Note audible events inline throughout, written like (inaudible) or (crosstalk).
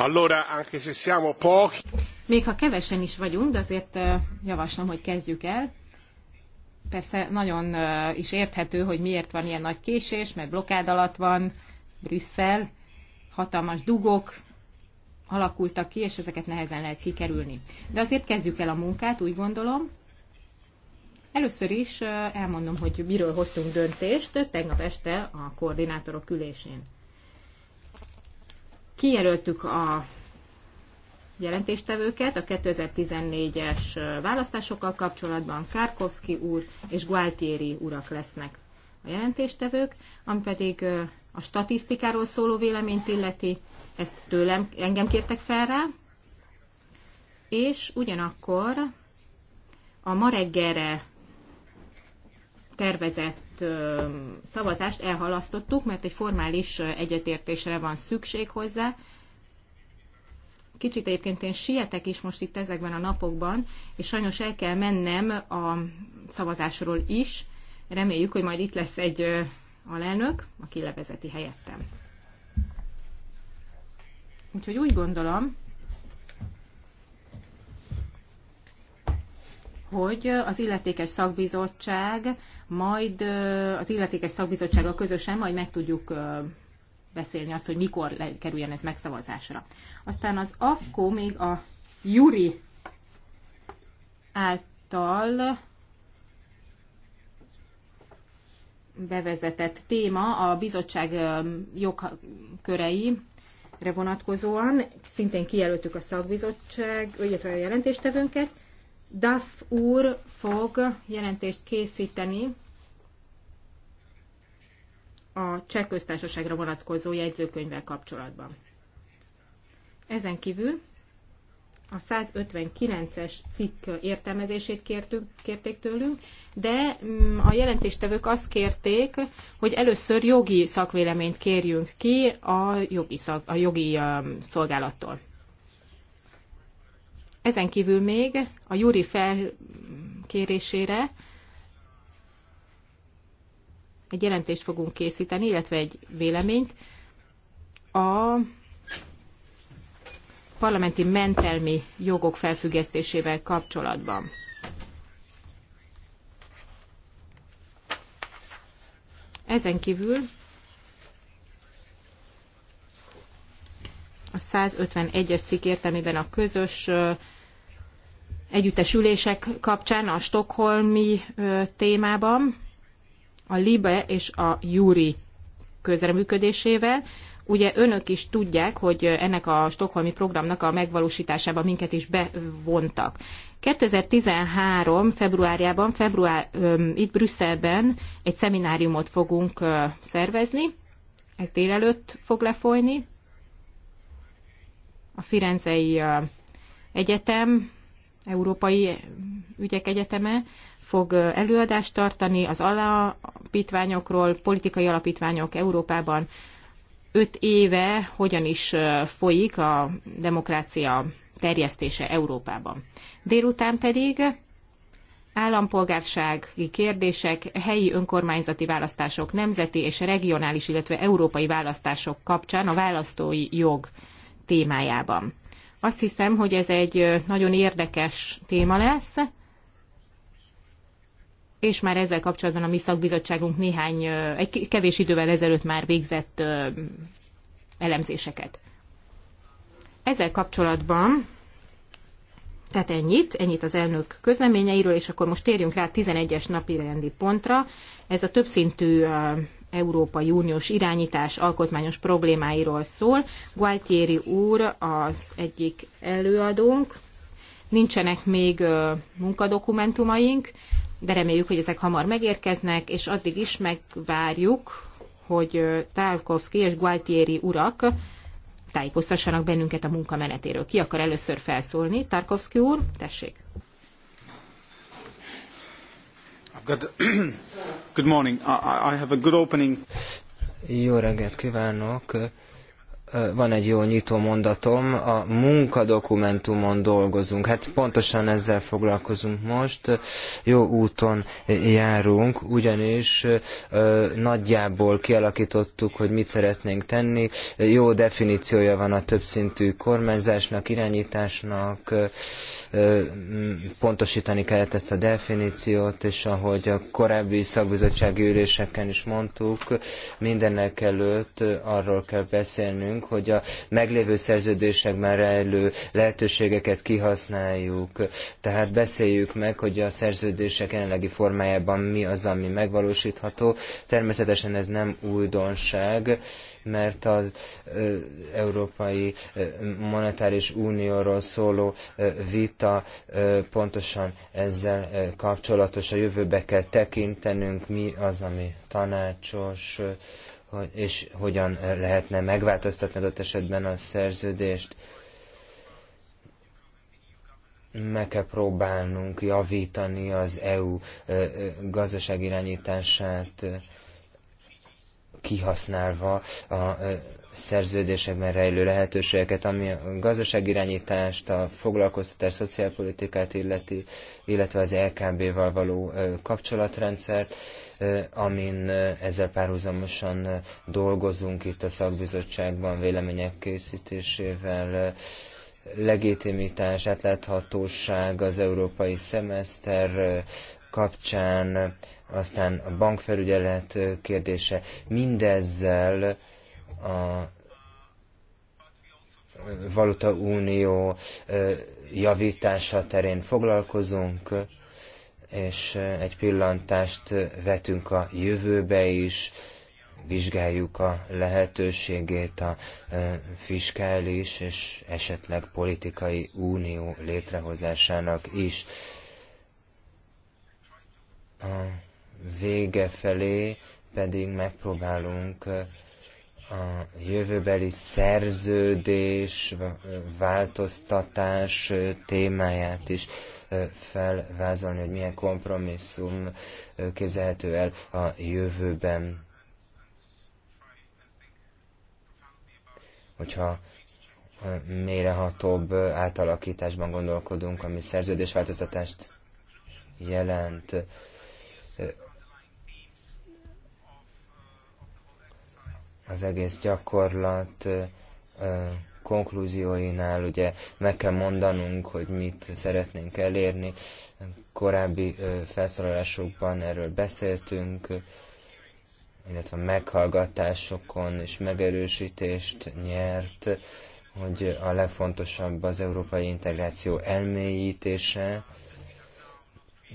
Allora, anche se siamo pochi... Még ha kevesen is vagyunk, de azért javaslom, hogy kezdjük el. Persze nagyon is érthető, hogy miért van ilyen nagy késés, mert blokád alatt van Brüsszel, hatalmas dugók alakultak ki, és ezeket nehezen lehet kikerülni. De azért kezdjük el a munkát, úgy gondolom. Először is elmondom, hogy miről hoztunk döntést tegnap este a koordinátorok ülésén. Kijelöltük a jelentéstevőket a 2014-es választásokkal kapcsolatban Kárkovszki úr és Gualtieri urak lesznek a jelentéstevők, ami pedig a statisztikáról szóló véleményt illeti, ezt tőlem, engem kértek fel rá, és ugyanakkor a ma reggelre tervezett kiadott szavazást elhalasztottuk, mert egy formális egyetértésre van szükség hozzá. Kicsit egyébként én sietek is most itt ezekben a napokban, és sajnos el kell mennem a szavazásról is. Reméljük, hogy majd itt lesz egy alelnök, aki levezeti helyettem. Úgyhogy úgy gondolom, hogy az illetékes szakbizottság, majd az illetékes szakbizottsággal közösen majd meg tudjuk beszélni azt, hogy mikor kerüljen ez megszavazásra. Aztán az AFKO még a Juri által bevezetett téma a bizottság jogkörei vonatkozóan. Szintén kijelöltük a szakbizottság, illetve a jelentéstevőnket, Duff úr fog jelentést készíteni a cseh köztársaságra vonatkozó jegyzőkönyvvel kapcsolatban. Ezen kívül a 159-es cikk értelmezését kértük, kérték tőlünk, de mm, a jelentéstevők azt kérték, hogy először jogi szakvéleményt kérjünk ki a jogi, szak, a jogi um, szolgálattól. Ezen kívül még a Juri felkérésére egy jelentést fogunk készíteni, illetve egy véleményt a parlamenti mentelmi jogok felfüggesztésével kapcsolatban. Ezen kívül a 151-es cikk értelmében a közös együttesülések kapcsán a stokholmi témában, a LIBE és a JURI közreműködésével. Ugye önök is tudják, hogy ennek a stokholmi programnak a megvalósításába minket is bevontak. 2013. februárjában, február, itt Brüsszelben egy szemináriumot fogunk szervezni, ez délelőtt fog lefolyni, a Firenzei Egyetem, Európai Ügyek Egyeteme fog előadást tartani az alapítványokról, politikai alapítványok Európában öt éve hogyan is folyik a demokrácia terjesztése Európában. Délután pedig állampolgársági kérdések, helyi önkormányzati választások, nemzeti és regionális, illetve európai választások kapcsán a választói jog témájában. Azt hiszem, hogy ez egy nagyon érdekes téma lesz, és már ezzel kapcsolatban a mi szakbizottságunk néhány, egy kevés idővel ezelőtt már végzett elemzéseket. Ezzel kapcsolatban, tehát ennyit, ennyit az elnök közleményeiről, és akkor most térjünk rá 11-es napi rendi pontra. Ez a többszintű Európai Uniós irányítás alkotmányos problémáiról szól. Gualtieri úr az egyik előadónk. Nincsenek még munkadokumentumaink, de reméljük, hogy ezek hamar megérkeznek, és addig is megvárjuk, hogy Tálkovszki és Gualtieri urak tájékoztassanak bennünket a munkamenetéről. Ki akar először felszólni? Tarkovsky úr, tessék. I've got the, (clears throat) Good morning. I, I have a good opening. Jó reggelt kívánok! van egy jó nyitó mondatom, a munkadokumentumon dolgozunk. Hát pontosan ezzel foglalkozunk most, jó úton járunk, ugyanis nagyjából kialakítottuk, hogy mit szeretnénk tenni. Jó definíciója van a többszintű kormányzásnak, irányításnak, pontosítani kellett ezt a definíciót, és ahogy a korábbi szakbizottsági üléseken is mondtuk, mindenek előtt arról kell beszélnünk, igyekszünk, hogy a meglévő szerződésekben rejlő lehetőségeket kihasználjuk. Tehát beszéljük meg, hogy a szerződések jelenlegi formájában mi az, ami megvalósítható. Természetesen ez nem újdonság, mert az Európai Monetáris Unióról szóló vita pontosan ezzel kapcsolatos. A jövőbe kell tekintenünk, mi az, ami tanácsos, hogy, és hogyan eh, lehetne megváltoztatni adott esetben a szerződést. Meg kell próbálnunk javítani az EU eh, eh, gazdaságirányítását kihasználva a szerződésekben rejlő lehetőségeket, ami a gazdaságirányítást, a foglalkoztatás, szociálpolitikát illeti, illetve az LKB-val való kapcsolatrendszert amin ezzel párhuzamosan dolgozunk itt a szakbizottságban vélemények készítésével legitimitás, átláthatóság az európai szemeszter kapcsán, aztán a bankfelügyelet kérdése. Mindezzel a valutaunió javítása terén foglalkozunk és egy pillantást vetünk a jövőbe is, vizsgáljuk a lehetőségét a fiskális és esetleg politikai unió létrehozásának is. A vége felé pedig megpróbálunk a jövőbeli szerződés, változtatás témáját is felvázolni, hogy milyen kompromisszum képzelhető el a jövőben. Hogyha mérehatóbb átalakításban gondolkodunk, ami szerződésváltoztatást jelent. Az egész gyakorlat konklúzióinál ugye meg kell mondanunk, hogy mit szeretnénk elérni. Korábbi felszólalásokban erről beszéltünk, illetve meghallgatásokon és megerősítést nyert, hogy a legfontosabb az európai integráció elmélyítése,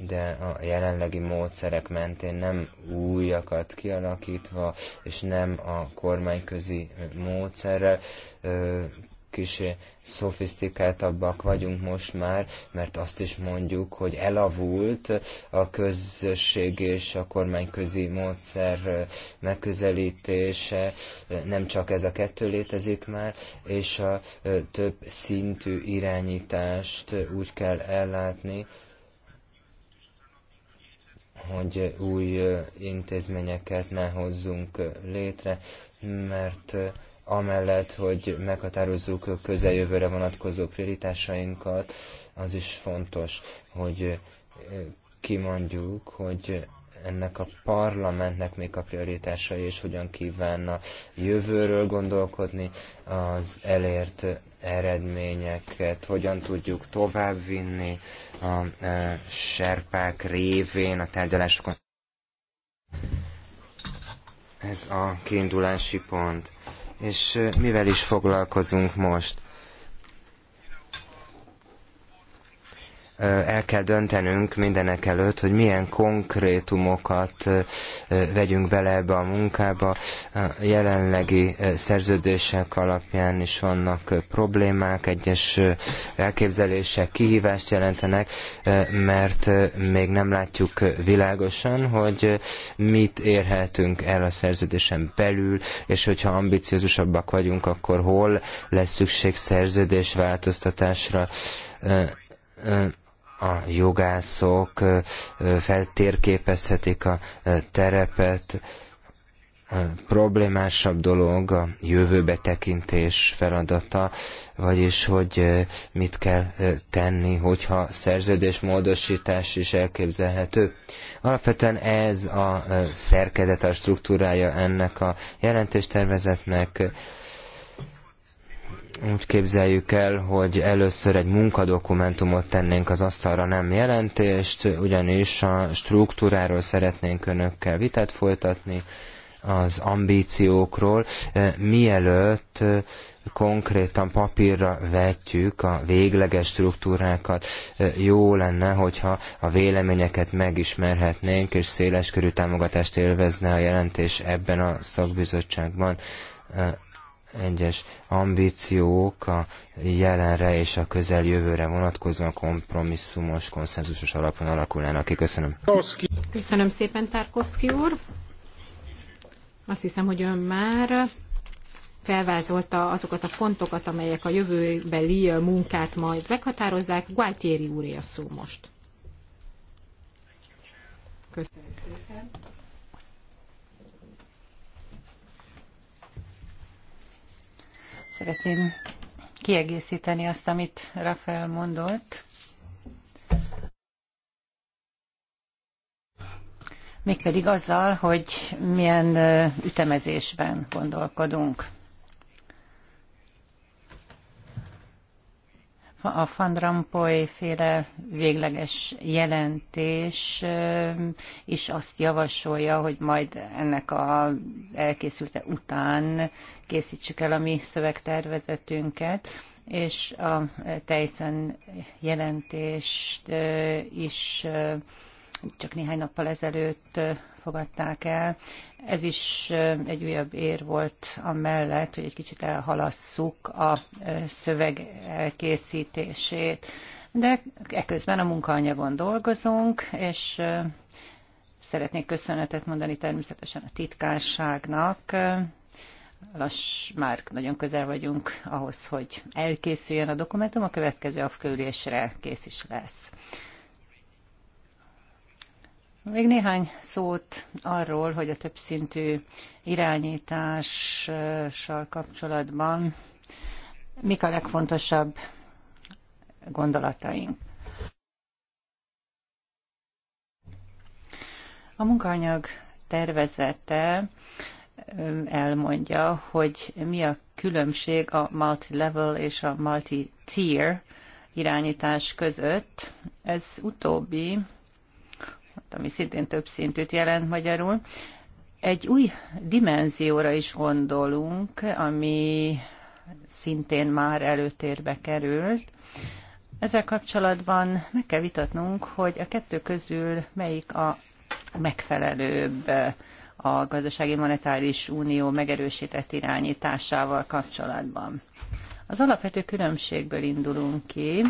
de a jelenlegi módszerek mentén nem újakat kialakítva, és nem a kormányközi módszerrel kicsi szofisztikáltabbak vagyunk most már, mert azt is mondjuk, hogy elavult a közösség és a kormányközi módszer megközelítése, nem csak ez a kettő létezik már, és a több szintű irányítást úgy kell ellátni, hogy új intézményeket ne hozzunk létre, mert amellett, hogy meghatározzuk közeljövőre vonatkozó prioritásainkat, az is fontos, hogy kimondjuk, hogy ennek a parlamentnek még a prioritásai, és hogyan kívánna jövőről gondolkodni, az elért eredményeket hogyan tudjuk továbbvinni a e, serpák révén a tárgyalásokon. Ez a kiindulási pont. És e, mivel is foglalkozunk most? el kell döntenünk mindenek előtt, hogy milyen konkrétumokat vegyünk bele ebbe a munkába. A jelenlegi szerződések alapján is vannak problémák, egyes elképzelések kihívást jelentenek, mert még nem látjuk világosan, hogy mit érhetünk el a szerződésen belül, és hogyha ambiciózusabbak vagyunk, akkor hol lesz szükség szerződés változtatásra a jogászok feltérképezhetik a terepet. A problémásabb dolog a jövőbe tekintés feladata, vagyis hogy mit kell tenni, hogyha szerződésmódosítás is elképzelhető. Alapvetően ez a szerkezet, a struktúrája ennek a jelentéstervezetnek. tervezetnek úgy képzeljük el, hogy először egy munkadokumentumot tennénk az asztalra, nem jelentést, ugyanis a struktúráról szeretnénk önökkel vitát folytatni, az ambíciókról, e, mielőtt e, konkrétan papírra vetjük a végleges struktúrákat. E, jó lenne, hogyha a véleményeket megismerhetnénk, és széleskörű támogatást élvezne a jelentés ebben a szakbizottságban egyes ambíciók a jelenre és a közeljövőre vonatkozóan kompromisszumos, konszenzusos alapon alakulnának ki. Köszönöm. Köszönöm szépen, Tárkovszki úr. Azt hiszem, hogy ön már felvázolta azokat a pontokat, amelyek a jövőbeli munkát majd meghatározzák. Gualtieri úré a szó most. Köszönöm szépen. Szeretném kiegészíteni azt, amit Rafael mondott. Mégpedig azzal, hogy milyen ütemezésben gondolkodunk. a Van Rampuy féle végleges jelentés is azt javasolja, hogy majd ennek a elkészülte után készítsük el a mi szövegtervezetünket, és a Tejszen jelentést is csak néhány nappal ezelőtt fogadták el. Ez is egy újabb ér volt amellett, hogy egy kicsit elhalasszuk a szöveg elkészítését. De eközben a munkaanyagon dolgozunk, és szeretnék köszönetet mondani természetesen a titkárságnak. Lass, már nagyon közel vagyunk ahhoz, hogy elkészüljön a dokumentum, a következő afkörülésre kész is lesz. Még néhány szót arról, hogy a többszintű irányítással kapcsolatban mik a legfontosabb gondolataink. A munkanyag tervezete elmondja, hogy mi a különbség a multi-level és a multi-tier irányítás között. Ez utóbbi Hát, ami szintén több szintűt jelent magyarul, egy új dimenzióra is gondolunk, ami szintén már előtérbe került. Ezzel kapcsolatban meg kell vitatnunk, hogy a kettő közül melyik a megfelelőbb a gazdasági monetáris unió megerősített irányításával kapcsolatban. Az alapvető különbségből indulunk ki,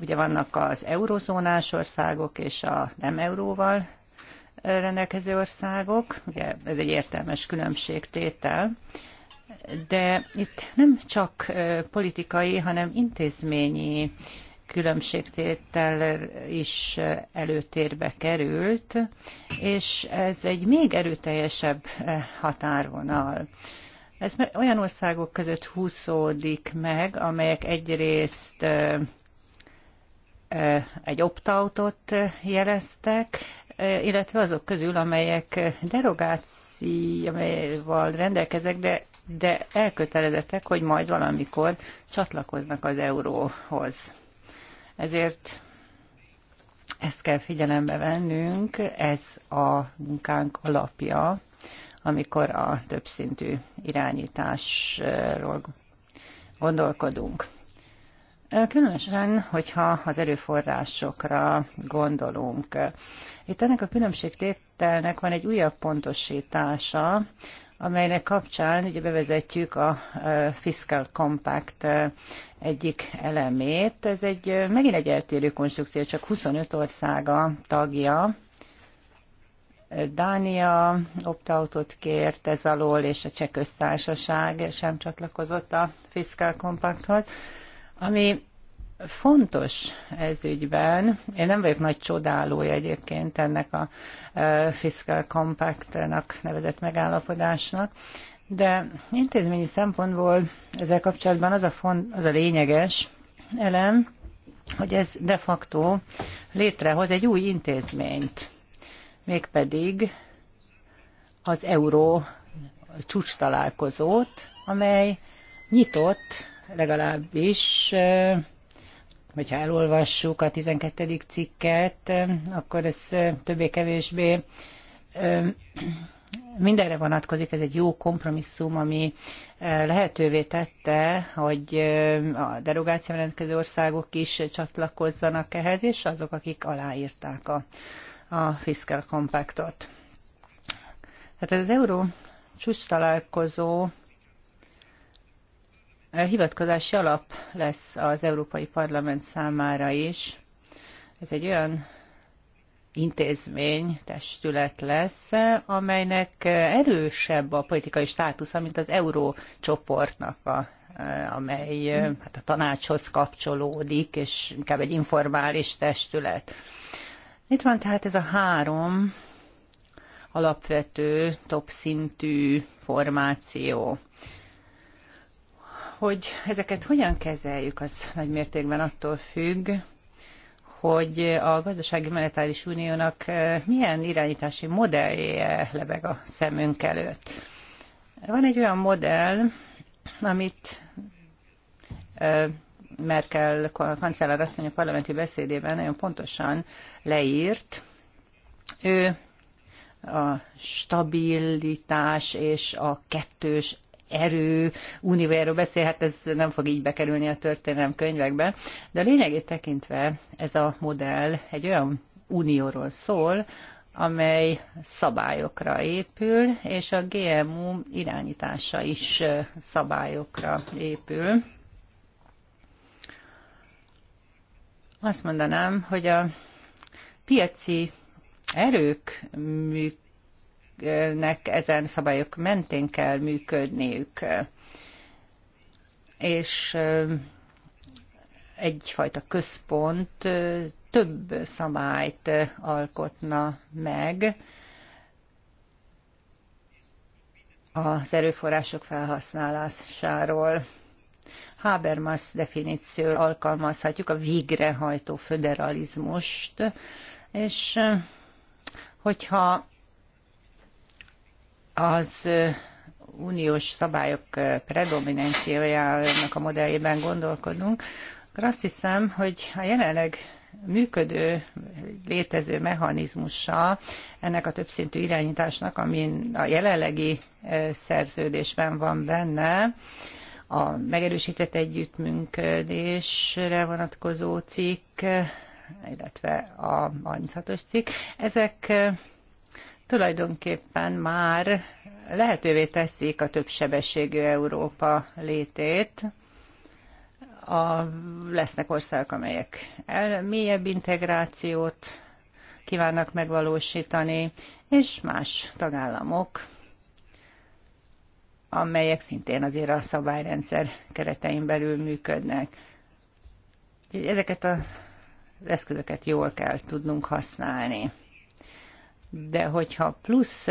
Ugye vannak az eurozónás országok és a nem euróval rendelkező országok, ugye ez egy értelmes különbségtétel, de itt nem csak politikai, hanem intézményi különbségtétel is előtérbe került, és ez egy még erőteljesebb határvonal. Ez olyan országok között húzódik meg, amelyek egyrészt Eh, egy opt-outot eh, jeleztek, eh, illetve azok közül, amelyek derogációval amelyval rendelkezek, de, de elkötelezettek, hogy majd valamikor csatlakoznak az euróhoz. Ezért ezt kell figyelembe vennünk, ez a munkánk alapja, amikor a többszintű irányításról gondolkodunk. Különösen, hogyha az erőforrásokra gondolunk. Itt ennek a különbségtételnek van egy újabb pontosítása, amelynek kapcsán ugye bevezetjük a Fiscal Compact egyik elemét. Ez egy megint egy eltérő konstrukció, csak 25 országa tagja. Dánia opt-outot kért ez alól, és a cseh köztársaság sem csatlakozott a Fiscal Compacthoz. Ami fontos ez ügyben, én nem vagyok nagy csodálója egyébként ennek a e, Fiscal Compact-nak nevezett megállapodásnak, de intézményi szempontból ezzel kapcsolatban az a, font, az a lényeges elem, hogy ez de facto létrehoz egy új intézményt, mégpedig az euró csúcs találkozót, amely nyitott legalábbis, hogyha elolvassuk a 12. cikket, akkor ez többé-kevésbé mindenre vonatkozik, ez egy jó kompromisszum, ami lehetővé tette, hogy a derogáció rendkező országok is csatlakozzanak ehhez, és azok, akik aláírták a, a Fiscal Compactot. Tehát ez az euró csúcs találkozó hivatkozási alap lesz az Európai Parlament számára is. Ez egy olyan intézmény, testület lesz, amelynek erősebb a politikai státusza, mint az eurócsoportnak a amely hát a tanácshoz kapcsolódik, és inkább egy informális testület. Itt van tehát ez a három alapvető, top szintű formáció hogy ezeket hogyan kezeljük, az nagy mértékben attól függ, hogy a gazdasági monetáris uniónak eh, milyen irányítási modellje lebeg a szemünk előtt. Van egy olyan modell, amit eh, Merkel kancellár asszony a parlamenti beszédében nagyon pontosan leírt. Ő a stabilitás és a kettős erő uniójáról beszél, hát ez nem fog így bekerülni a történelem könyvekbe. De a lényegét tekintve ez a modell egy olyan unióról szól, amely szabályokra épül, és a GMU irányítása is szabályokra épül. Azt mondanám, hogy a piaci erők műk nek ezen szabályok mentén kell működniük. És egyfajta központ több szabályt alkotna meg az erőforrások felhasználásáról. Habermas definíció alkalmazhatjuk, a végrehajtó föderalizmust, és hogyha az uniós szabályok predominanciájának a modelljében gondolkodunk, akkor azt hiszem, hogy a jelenleg működő, létező mechanizmusa ennek a többszintű irányításnak, amin a jelenlegi szerződésben van benne, a megerősített együttműködésre vonatkozó cikk, illetve a 36-os cikk, ezek tulajdonképpen már lehetővé teszik a többsebességű Európa létét. A, lesznek országok, amelyek el, mélyebb integrációt kívánnak megvalósítani, és más tagállamok, amelyek szintén azért a szabályrendszer keretein belül működnek. ezeket az eszközöket jól kell tudnunk használni de hogyha plusz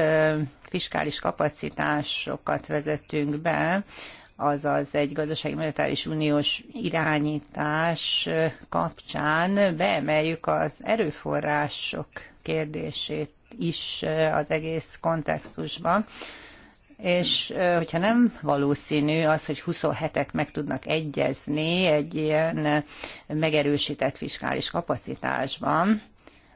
fiskális kapacitásokat vezetünk be, azaz egy gazdasági monetáris uniós irányítás kapcsán beemeljük az erőforrások kérdését is az egész kontextusban, és hogyha nem valószínű az, hogy 27-ek meg tudnak egyezni egy ilyen megerősített fiskális kapacitásban,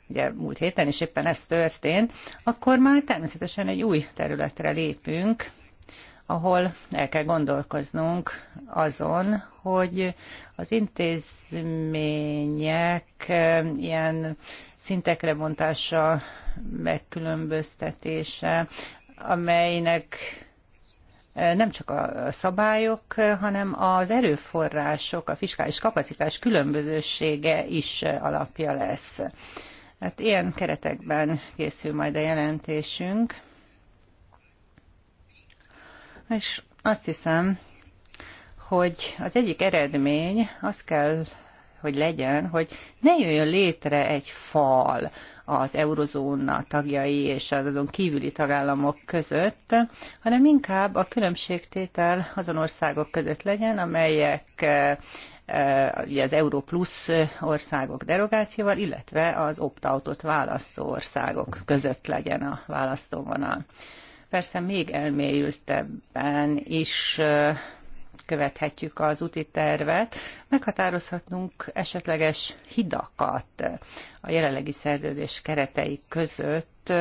ugye múlt héten is éppen ez történt, akkor már természetesen egy új területre lépünk, ahol el kell gondolkoznunk azon, hogy az intézmények ilyen szintekre bontása, megkülönböztetése, amelynek nem csak a szabályok, hanem az erőforrások, a fiskális kapacitás különbözősége is alapja lesz. Hát ilyen keretekben készül majd a jelentésünk. És azt hiszem, hogy az egyik eredmény az kell, hogy legyen, hogy ne jöjjön létre egy fal az eurozóna tagjai és az azon kívüli tagállamok között, hanem inkább a különbségtétel azon országok között legyen, amelyek Eh, ugye az Euró plusz országok derogációval, illetve az opt-outot választó országok között legyen a választóvonal. Persze még elmélyültebben is eh, követhetjük az úti tervet, meghatározhatnunk esetleges hidakat a jelenlegi szerződés keretei között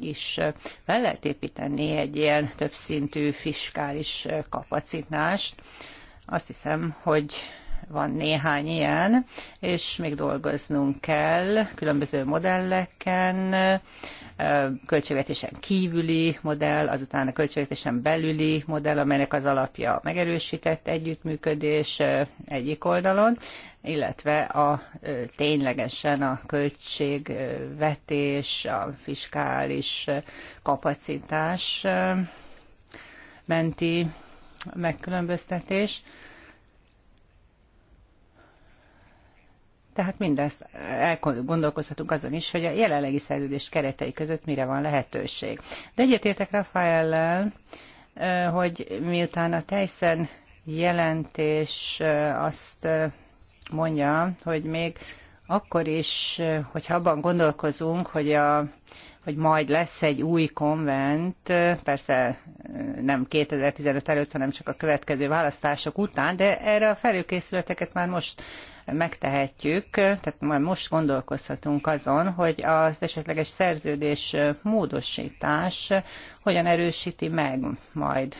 és eh, fel lehet építeni egy ilyen többszintű fiskális kapacitást. Azt hiszem, hogy van néhány ilyen, és még dolgoznunk kell különböző modelleken, költségvetésen kívüli modell, azután a költségvetésen belüli modell, amelynek az alapja megerősített együttműködés egyik oldalon, illetve a ténylegesen a költségvetés, a fiskális kapacitás menti megkülönböztetés. Tehát mindezt elgondolkozhatunk azon is, hogy a jelenlegi szerződés keretei között mire van lehetőség. De egyetértek Rafaellel, hogy miután a Tyson jelentés azt mondja, hogy még akkor is, hogyha abban gondolkozunk, hogy, a, hogy majd lesz egy új konvent, persze nem 2015 előtt, hanem csak a következő választások után, de erre a felőkészületeket már most megtehetjük, tehát majd most gondolkozhatunk azon, hogy az esetleges szerződés módosítás hogyan erősíti meg majd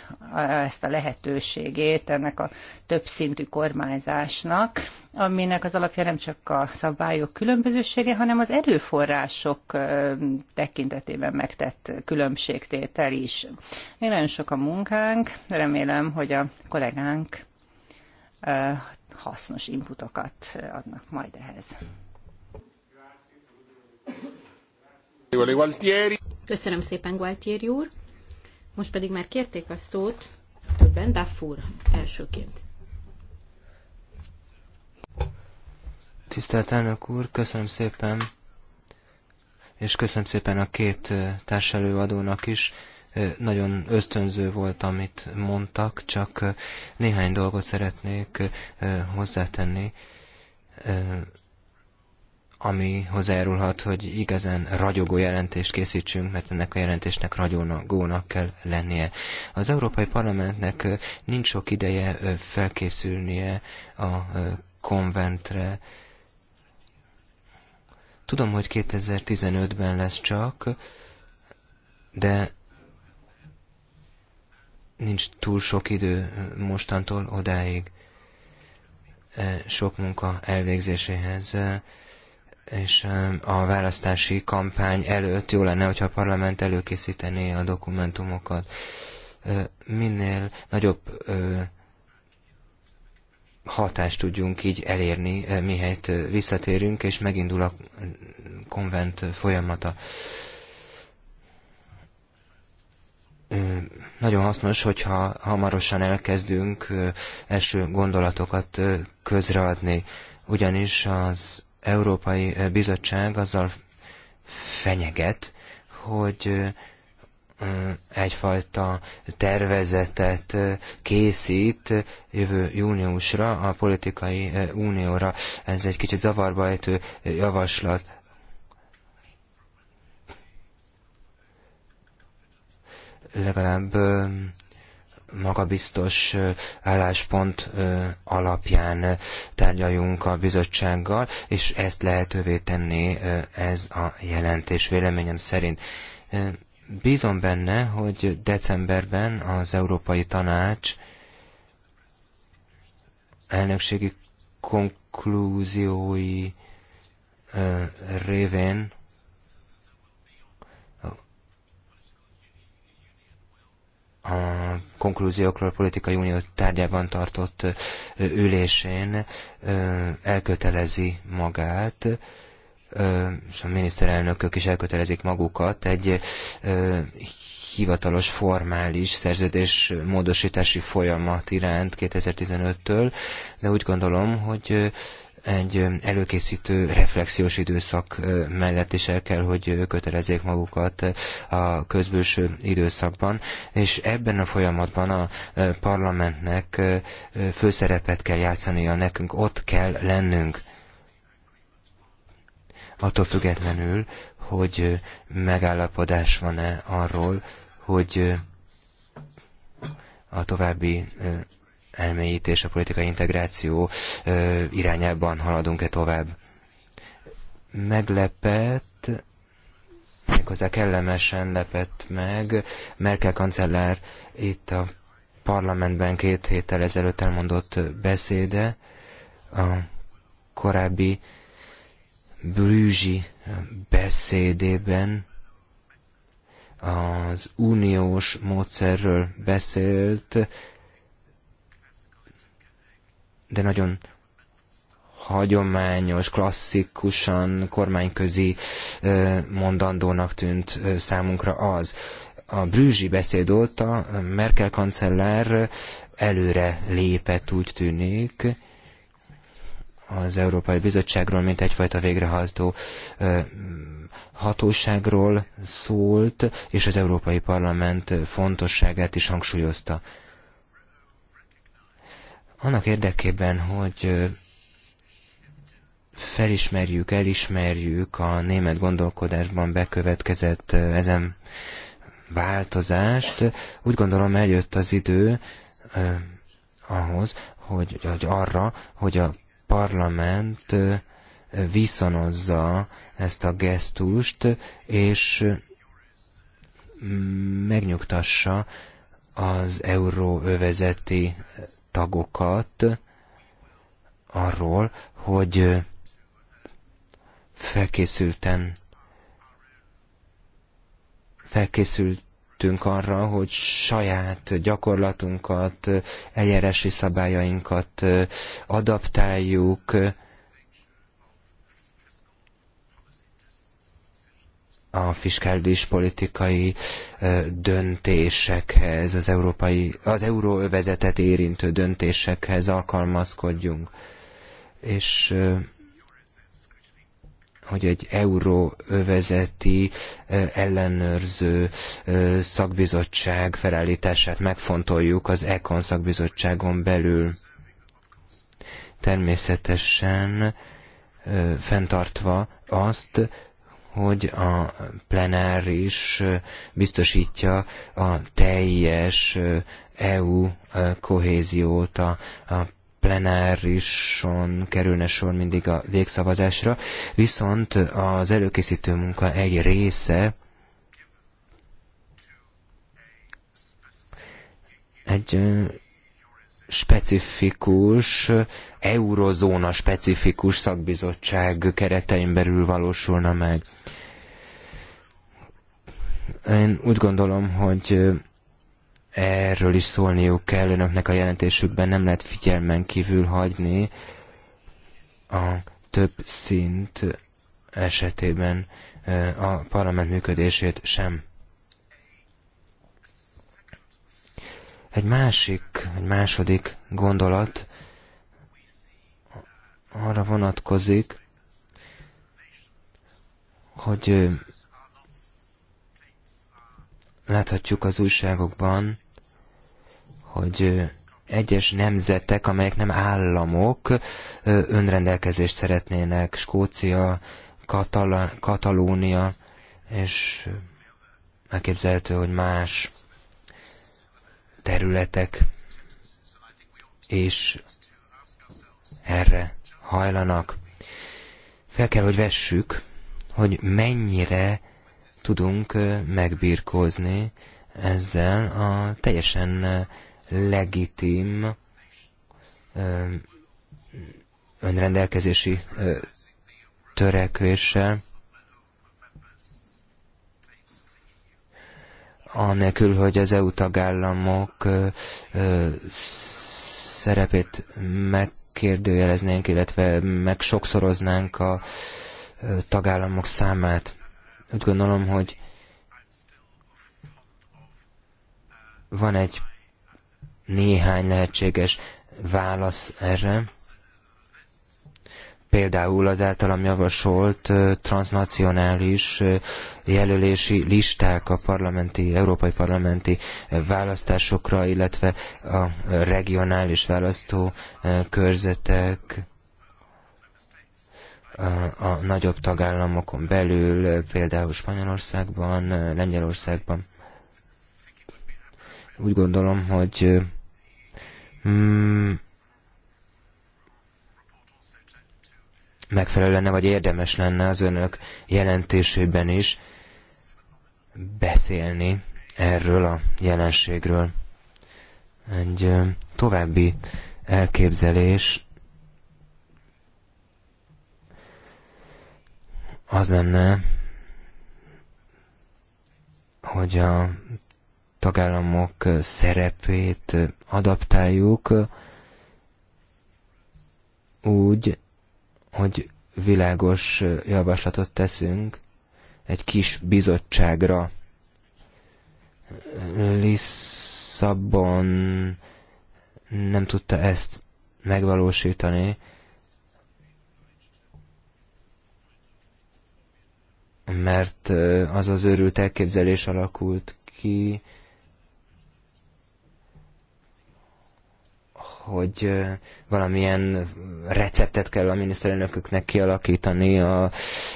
ezt a lehetőségét ennek a többszintű kormányzásnak, aminek az alapja nem csak a szabályok különbözősége, hanem az erőforrások tekintetében megtett különbségtétel is. Én nagyon sok a munkánk, remélem, hogy a kollégánk hasznos inputokat adnak majd ehhez. Köszönöm szépen, Gualtieri úr. Most pedig már kérték a szót többen, Daffur elsőként. Tisztelt elnök úr, köszönöm szépen, és köszönöm szépen a két eh, társelőadónak is nagyon ösztönző volt, amit mondtak, csak néhány dolgot szeretnék hozzátenni, ami hozzájárulhat, hogy igazán ragyogó jelentést készítsünk, mert ennek a jelentésnek ragyogónak kell lennie. Az Európai Parlamentnek nincs sok ideje felkészülnie a konventre, Tudom, hogy 2015-ben lesz csak, de Nincs túl sok idő mostantól odáig sok munka elvégzéséhez, és a választási kampány előtt jó lenne, hogyha a parlament előkészítené a dokumentumokat. Minél nagyobb hatást tudjunk így elérni, mihelyt visszatérünk, és megindul a konvent folyamata nagyon hasznos, hogyha hamarosan elkezdünk első gondolatokat közreadni, ugyanis az Európai Bizottság azzal fenyeget, hogy egyfajta tervezetet készít jövő júniusra a politikai unióra. Ez egy kicsit zavarba ejtő javaslat legalább magabiztos álláspont alapján tárgyaljunk a bizottsággal, és ezt lehetővé tenni ez a jelentés véleményem szerint. Bízom benne, hogy decemberben az Európai Tanács elnökségi konklúziói révén a konklúziókról a politikai unió tárgyában tartott ülésén elkötelezi magát, és a miniszterelnökök is elkötelezik magukat egy hivatalos, formális szerződés módosítási folyamat iránt 2015-től, de úgy gondolom, hogy egy előkészítő reflexiós időszak mellett is el kell, hogy kötelezzék magukat a közbőső időszakban, és ebben a folyamatban a parlamentnek főszerepet kell játszania, nekünk ott kell lennünk. Attól függetlenül, hogy megállapodás van-e arról, hogy a további elmélyítés, a politikai integráció irányában haladunk-e tovább. Meglepett, méghozzá kellemesen lepett meg Merkel kancellár itt a parlamentben két héttel ezelőtt elmondott beszéde a korábbi Brüzsi beszédében az uniós módszerről beszélt, de nagyon hagyományos, klasszikusan kormányközi mondandónak tűnt számunkra az. A brűzsi beszéd óta Merkel kancellár előre lépett, úgy tűnik, az Európai Bizottságról, mint egyfajta végrehajtó hatóságról szólt, és az Európai Parlament fontosságát is hangsúlyozta. Annak érdekében, hogy felismerjük, elismerjük a német gondolkodásban bekövetkezett ezen változást, úgy gondolom eljött az idő ahhoz, hogy, hogy arra, hogy a parlament viszonozza ezt a gesztust, és megnyugtassa az euróövezeti tagokat arról, hogy felkészülten felkészültünk arra, hogy saját gyakorlatunkat, eljárási szabályainkat adaptáljuk, a fiskális politikai döntésekhez, az, európai, az euróövezetet érintő döntésekhez alkalmazkodjunk. És hogy egy euróövezeti ellenőrző szakbizottság felállítását megfontoljuk az ECON szakbizottságon belül. Természetesen fenntartva azt, hogy a plenár is biztosítja a teljes EU kohéziót a, a plenárison kerülne sor mindig a végszavazásra, viszont az előkészítő munka egy része egy specifikus eurozóna specifikus szakbizottság keretein belül valósulna meg. Én úgy gondolom, hogy erről is szólniuk kell önöknek a jelentésükben, nem lehet figyelmen kívül hagyni a több szint esetében a parlament működését sem. Egy másik, egy második gondolat arra vonatkozik, hogy láthatjuk az újságokban, hogy egyes nemzetek, amelyek nem államok, önrendelkezést szeretnének. Skócia, Katala, Katalónia, és megképzelhető, hogy más területek és erre hajlanak. Fel kell, hogy vessük, hogy mennyire tudunk megbirkózni ezzel a teljesen legitim önrendelkezési törekvéssel, anélkül, hogy az EU tagállamok szerepét meg megkérdőjeleznénk, illetve meg sokszoroznánk a tagállamok számát. Úgy gondolom, hogy van egy néhány lehetséges válasz erre például az általam javasolt transnacionális jelölési listák a parlamenti, európai parlamenti választásokra, illetve a regionális választó körzetek a, a nagyobb tagállamokon belül, például Spanyolországban, Lengyelországban. Úgy gondolom, hogy mm, megfelelő lenne, vagy érdemes lenne az önök jelentésében is beszélni erről a jelenségről. Egy további elképzelés az lenne, hogy a tagállamok szerepét adaptáljuk úgy, hogy világos javaslatot teszünk egy kis bizottságra. Lisszabon nem tudta ezt megvalósítani, mert az az őrült elképzelés alakult ki, hogy valamilyen receptet kell a miniszterelnököknek kialakítani a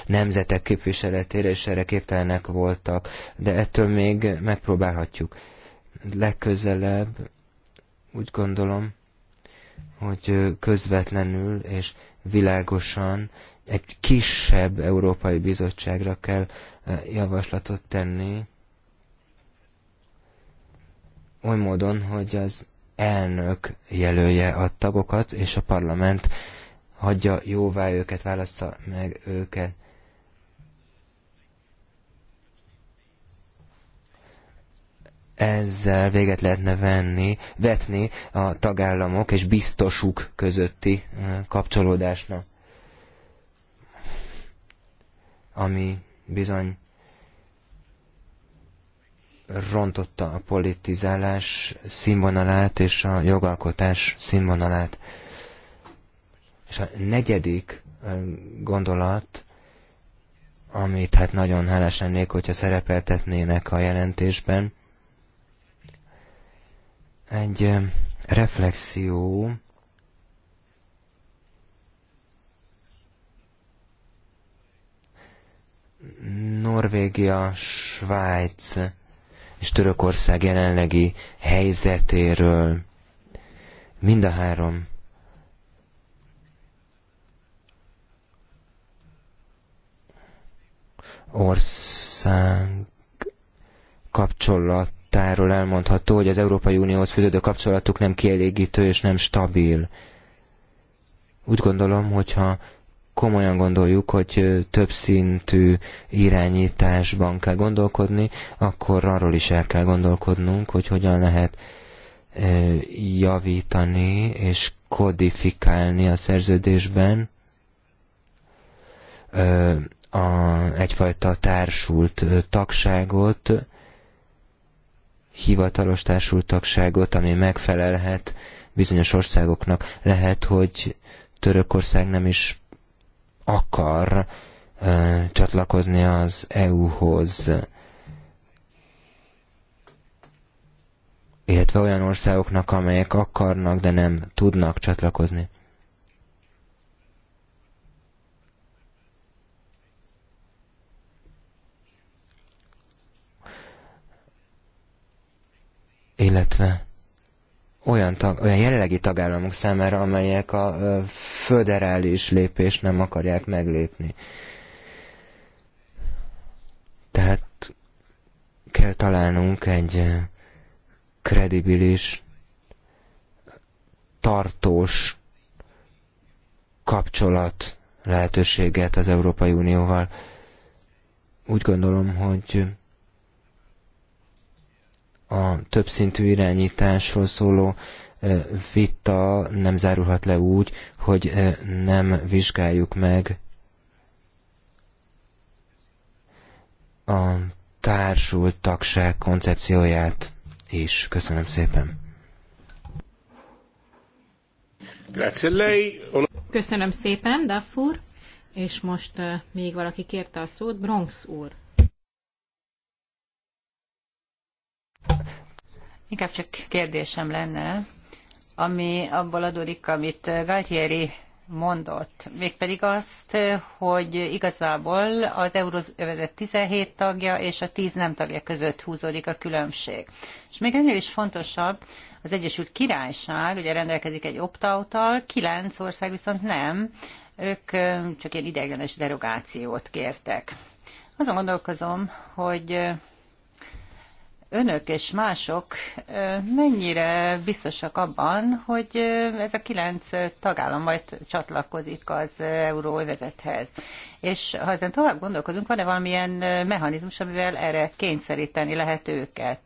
nemzetek képviseletére, és erre képtelenek voltak. De ettől még megpróbálhatjuk. Legközelebb úgy gondolom, hogy közvetlenül és világosan egy kisebb Európai Bizottságra kell javaslatot tenni, oly módon, hogy az elnök jelölje a tagokat, és a parlament hagyja jóvá őket, válaszza meg őket. Ezzel véget lehetne venni, vetni a tagállamok és biztosuk közötti eh, kapcsolódásnak, ami bizony rontotta a politizálás színvonalát és a jogalkotás színvonalát. És a negyedik gondolat, amit hát nagyon hálás lennék, hogyha szerepeltetnének a jelentésben, egy reflexió Norvégia, Svájc, és Törökország jelenlegi helyzetéről. Mind a három ország kapcsolatáról elmondható, hogy az Európai Unióhoz fűződő kapcsolatuk nem kielégítő és nem stabil. Úgy gondolom, hogyha komolyan gondoljuk, hogy többszintű irányításban kell gondolkodni, akkor arról is el kell gondolkodnunk, hogy hogyan lehet javítani és kodifikálni a szerződésben a, egyfajta társult tagságot, hivatalos társult tagságot, ami megfelelhet bizonyos országoknak. Lehet, hogy Törökország nem is akar csatlakozni az EU-hoz, illetve olyan országoknak, amelyek akarnak, de nem tudnak csatlakozni. Illetve olyan, tag, olyan jelenlegi tagállamok számára, amelyek a föderális lépést nem akarják meglépni. Tehát kell találnunk egy kredibilis, tartós kapcsolat lehetőséget az Európai Unióval. Úgy gondolom, hogy a többszintű irányításról szóló vita nem zárulhat le úgy, hogy nem vizsgáljuk meg a társult tagság koncepcióját is. Köszönöm szépen. Köszönöm szépen, Daffur. És most még valaki kérte a szót, Bronx úr. Inkább csak kérdésem lenne, ami abból adódik, amit Galtieri mondott, mégpedig azt, hogy igazából az euróvezet 17 tagja és a 10 nem tagja között húzódik a különbség. És még ennél is fontosabb, az Egyesült Királyság ugye rendelkezik egy opt out 9 ország viszont nem, ők csak ilyen ideiglenes derogációt kértek. Azon gondolkozom, hogy önök és mások mennyire biztosak abban, hogy ez a kilenc tagállam majd csatlakozik az euróvezethez? És ha ezen tovább gondolkodunk, van-e valamilyen mechanizmus, amivel erre kényszeríteni lehet őket?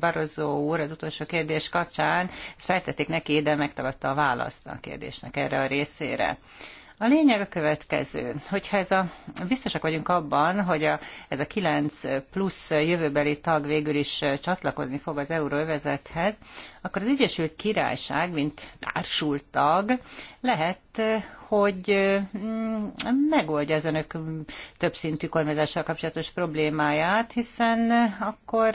Barozó úr az utolsó kérdés kapcsán ezt feltették neki, de megtagadta a választ a kérdésnek erre a részére. A lényeg a következő, hogyha ez a, biztosak vagyunk abban, hogy a, ez a 9 plusz jövőbeli tag végül is csatlakozni fog az euróövezethez, akkor az Egyesült Királyság, mint társult tag, lehet, hogy megoldja az önök többszintű kormányzással kapcsolatos problémáját, hiszen akkor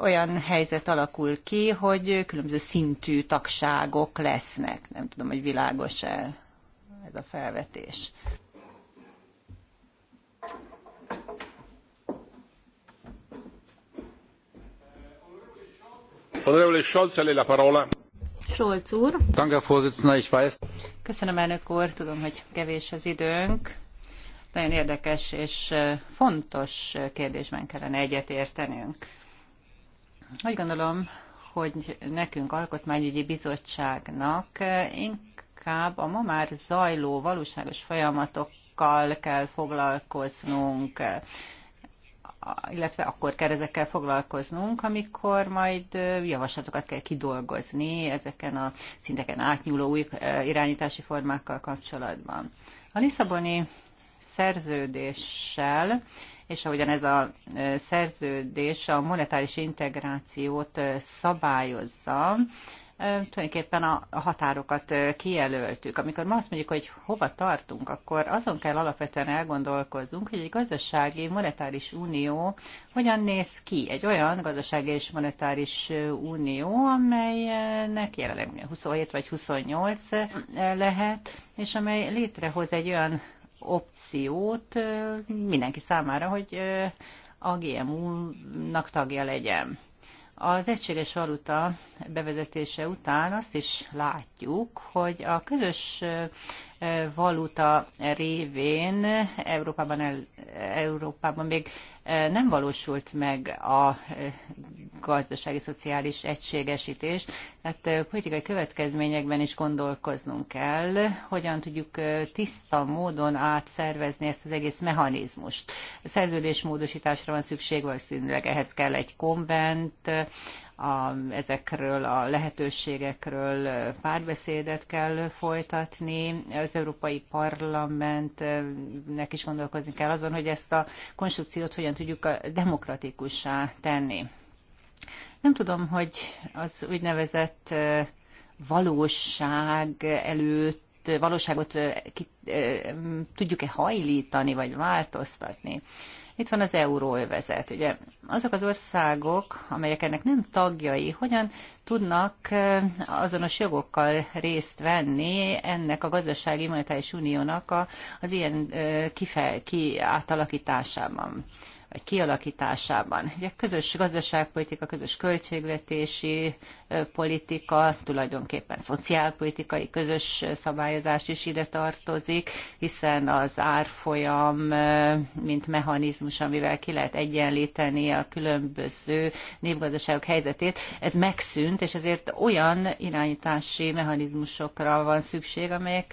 olyan helyzet alakul ki, hogy különböző szintű tagságok lesznek. Nem tudom, hogy világos-e ez a felvetés. Honorable Scholz, la parola. Scholz úr. Danke, Vorsitzender, ich weiß. Köszönöm, elnök úr, tudom, hogy kevés az időnk. Nagyon érdekes és fontos kérdésben kellene egyetértenünk. Úgy gondolom, hogy nekünk, alkotmányügyi bizottságnak, én inkább a ma már zajló valóságos folyamatokkal kell foglalkoznunk illetve akkor kell ezekkel foglalkoznunk, amikor majd javaslatokat kell kidolgozni ezeken a szinteken átnyúló új irányítási formákkal kapcsolatban. A Lisszaboni szerződéssel, és ahogyan ez a szerződés a monetáris integrációt szabályozza, tulajdonképpen a határokat kijelöltük. Amikor ma azt mondjuk, hogy hova tartunk, akkor azon kell alapvetően elgondolkoznunk, hogy egy gazdasági monetáris unió hogyan néz ki. Egy olyan gazdasági és monetáris unió, amelynek jelenleg 27 vagy 28 lehet, és amely létrehoz egy olyan opciót mindenki számára, hogy a GMU-nak tagja legyen. Az egységes valuta bevezetése után azt is látjuk, hogy a közös valuta révén Európában, el, Európában még nem valósult meg a eh, gazdasági szociális egységesítés, tehát eh, politikai következményekben is gondolkoznunk kell, hogyan tudjuk eh, tiszta módon átszervezni ezt az egész mechanizmust. A módosításra van szükség, valószínűleg ehhez kell egy konvent, a, ezekről a lehetőségekről párbeszédet kell folytatni. Az Európai Parlamentnek is gondolkozni kell azon, hogy ezt a konstrukciót hogyan tudjuk a demokratikussá tenni. Nem tudom, hogy az úgynevezett valóság előtt valóságot ki, tudjuk-e hajlítani, vagy változtatni. Itt van az euróövezet. Ugye azok az országok, amelyek ennek nem tagjai, hogyan tudnak azonos jogokkal részt venni ennek a gazdasági monetáris uniónak a, az ilyen kifel, ki átalakításában vagy kialakításában. Ugye közös gazdaságpolitika, közös költségvetési politika, tulajdonképpen szociálpolitikai közös szabályozás is ide tartozik, hiszen az árfolyam, mint mechanizmus, amivel ki lehet egyenlíteni a különböző népgazdaságok helyzetét, ez megszűnt, és ezért olyan irányítási mechanizmusokra van szükség, amelyek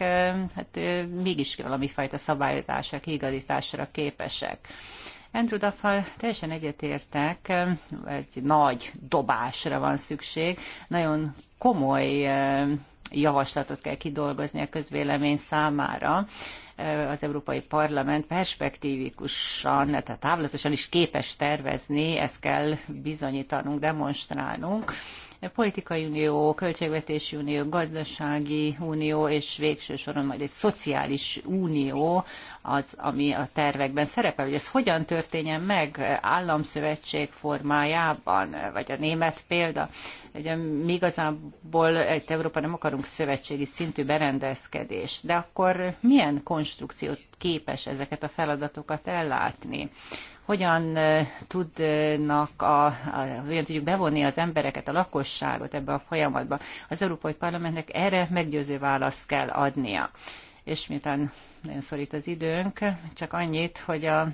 hát, mégis valami fajta szabályozásra, kiigazításra képesek. Andrew Duffal teljesen egyetértek, egy nagy dobásra van szükség, nagyon komoly eh, javaslatot kell kidolgozni a közvélemény számára, eh, az Európai Parlament perspektívikusan, tehát távlatosan is képes tervezni, ezt kell bizonyítanunk, demonstrálnunk. Politikai unió, költségvetési unió, gazdasági unió, és végső soron majd egy szociális unió, az, ami a tervekben szerepel, hogy ez hogyan történjen meg államszövetség formájában, vagy a német példa. Ugye mi igazából egy Európa nem akarunk szövetségi szintű berendezkedés, de akkor milyen konstrukciót képes ezeket a feladatokat ellátni? hogyan tudnak a, a, hogyan tudjuk bevonni az embereket, a lakosságot ebbe a folyamatba. Az Európai Parlamentnek erre meggyőző választ kell adnia és miután nagyon szorít az időnk, csak annyit, hogy a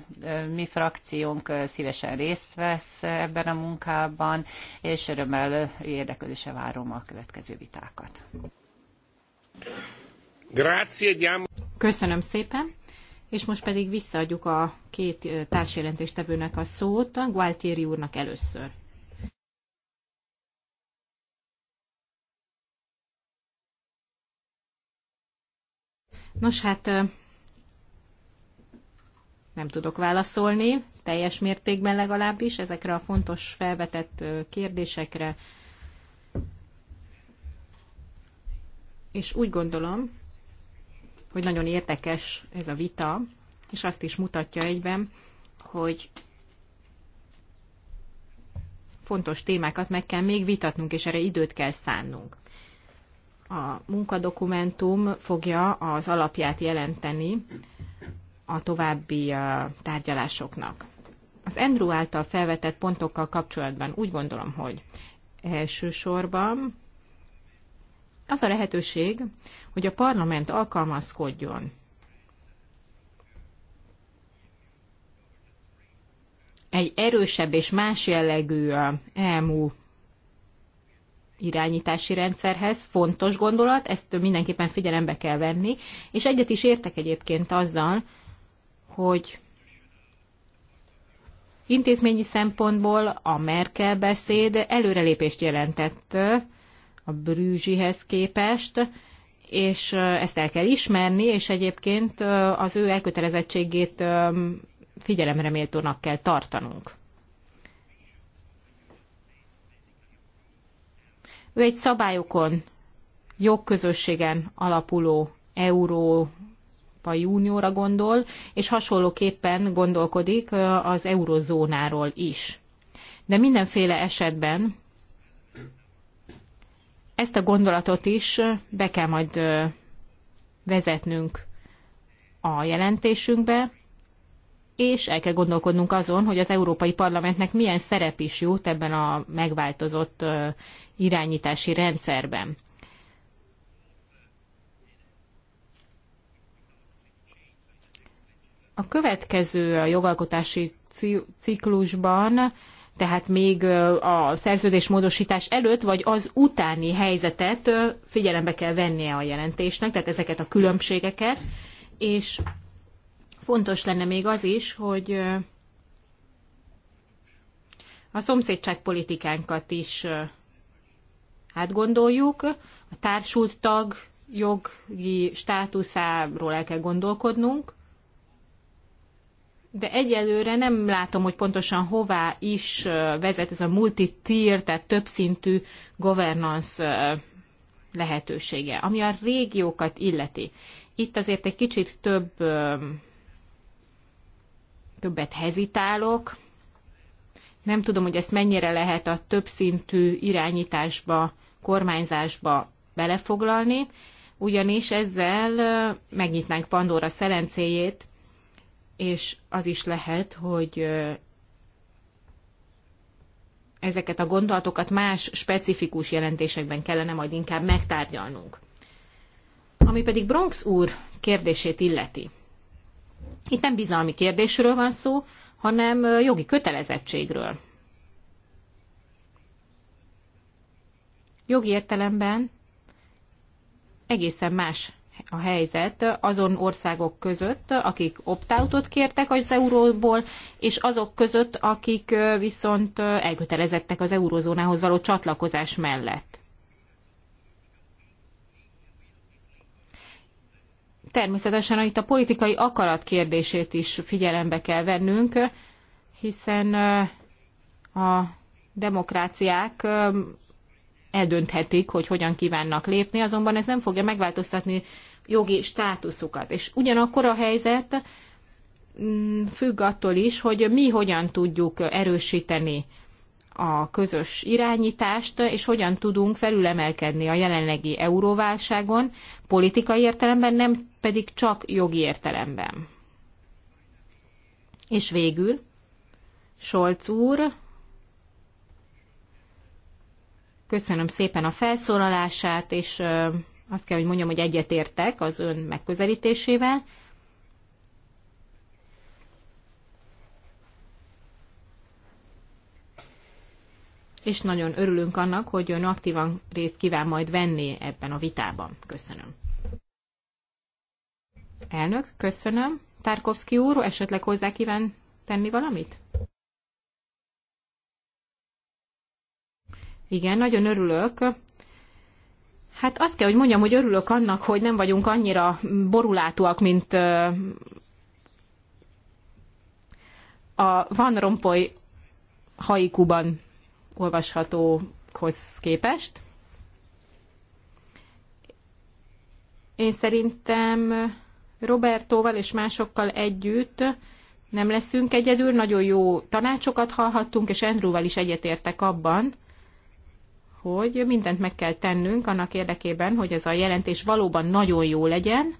mi frakciónk szívesen részt vesz ebben a munkában, és örömmel érdeklődése várom a következő vitákat. Köszönöm szépen, és most pedig visszaadjuk a két társjelentéstevőnek a szót, Gualtieri úrnak először. Nos, hát nem tudok válaszolni, teljes mértékben legalábbis ezekre a fontos felvetett kérdésekre. És úgy gondolom, hogy nagyon érdekes ez a vita, és azt is mutatja egyben, hogy fontos témákat meg kell még vitatnunk, és erre időt kell szánnunk a munkadokumentum fogja az alapját jelenteni a további tárgyalásoknak. Az Andrew által felvetett pontokkal kapcsolatban úgy gondolom, hogy elsősorban az a lehetőség, hogy a parlament alkalmazkodjon egy erősebb és más jellegű EMU irányítási rendszerhez. Fontos gondolat, ezt mindenképpen figyelembe kell venni, és egyet is értek egyébként azzal, hogy intézményi szempontból a Merkel beszéd előrelépést jelentett a Brűzsihez képest, és ezt el kell ismerni, és egyébként az ő elkötelezettségét figyelemreméltónak méltónak kell tartanunk. Ő egy szabályokon, jogközösségen alapuló euró Európai Unióra gondol, és hasonlóképpen gondolkodik az eurozónáról is. De mindenféle esetben ezt a gondolatot is be kell majd vezetnünk a jelentésünkbe, és el kell gondolkodnunk azon, hogy az Európai Parlamentnek milyen szerep is jut ebben a megváltozott irányítási rendszerben. A következő a jogalkotási ciklusban, tehát még a szerződésmódosítás előtt, vagy az utáni helyzetet figyelembe kell vennie a jelentésnek, tehát ezeket a különbségeket, és fontos lenne még az is, hogy a szomszédságpolitikánkat is átgondoljuk, a társult tag jogi státuszáról el kell gondolkodnunk, de egyelőre nem látom, hogy pontosan hová is vezet ez a multi-tier, tehát többszintű governance lehetősége, ami a régiókat illeti. Itt azért egy kicsit több többet hezitálok. Nem tudom, hogy ezt mennyire lehet a többszintű irányításba, kormányzásba belefoglalni, ugyanis ezzel megnyitnánk Pandora szelencéjét, és az is lehet, hogy ezeket a gondolatokat más specifikus jelentésekben kellene majd inkább megtárgyalnunk. Ami pedig Bronx úr kérdését illeti. Itt nem bizalmi kérdésről van szó, hanem jogi kötelezettségről. Jogi értelemben egészen más a helyzet azon országok között, akik opt-outot kértek az euróból, és azok között, akik viszont elkötelezettek az eurózónához való csatlakozás mellett. természetesen itt a politikai akarat kérdését is figyelembe kell vennünk, hiszen a demokráciák eldönthetik, hogy hogyan kívánnak lépni, azonban ez nem fogja megváltoztatni jogi státuszukat. És ugyanakkor a helyzet függ attól is, hogy mi hogyan tudjuk erősíteni a közös irányítást, és hogyan tudunk felülemelkedni a jelenlegi euróválságon, politikai értelemben, nem pedig csak jogi értelemben. És végül, Solc úr, köszönöm szépen a felszólalását, és azt kell, hogy mondjam, hogy egyetértek az ön megközelítésével. és nagyon örülünk annak, hogy ön aktívan részt kíván majd venni ebben a vitában. Köszönöm. Elnök, köszönöm. Tárkovszki úr, esetleg hozzá kíván tenni valamit? Igen, nagyon örülök. Hát azt kell, hogy mondjam, hogy örülök annak, hogy nem vagyunk annyira borulátóak, mint a Van Rompoy haikuban olvashatókhoz képest. Én szerintem Robertóval és másokkal együtt nem leszünk egyedül, nagyon jó tanácsokat hallhattunk, és Andrewval is egyetértek abban, hogy mindent meg kell tennünk annak érdekében, hogy ez a jelentés valóban nagyon jó legyen,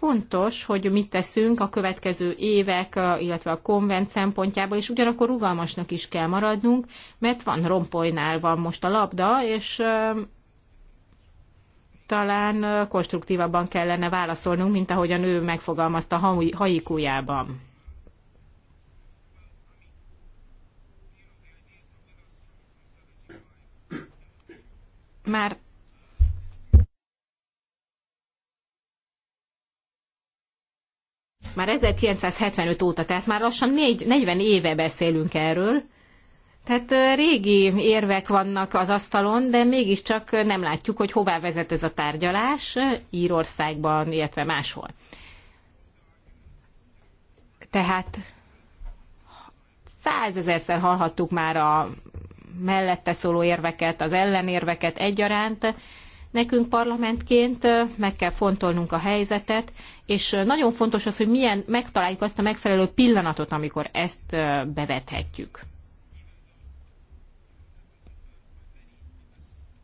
fontos, hogy mit teszünk a következő évek, illetve a konvent szempontjából, és ugyanakkor rugalmasnak is kell maradnunk, mert van rompolynál van most a labda, és talán konstruktívabban kellene válaszolnunk, mint ahogy a nő megfogalmazta haikujában. Már Már 1975 óta, tehát már lassan 4, 40 éve beszélünk erről. Tehát régi érvek vannak az asztalon, de mégiscsak nem látjuk, hogy hová vezet ez a tárgyalás Írországban, illetve máshol. Tehát százezerszer hallhattuk már a mellette szóló érveket, az ellenérveket egyaránt, Nekünk parlamentként meg kell fontolnunk a helyzetet, és nagyon fontos az, hogy milyen megtaláljuk azt a megfelelő pillanatot, amikor ezt bevethetjük.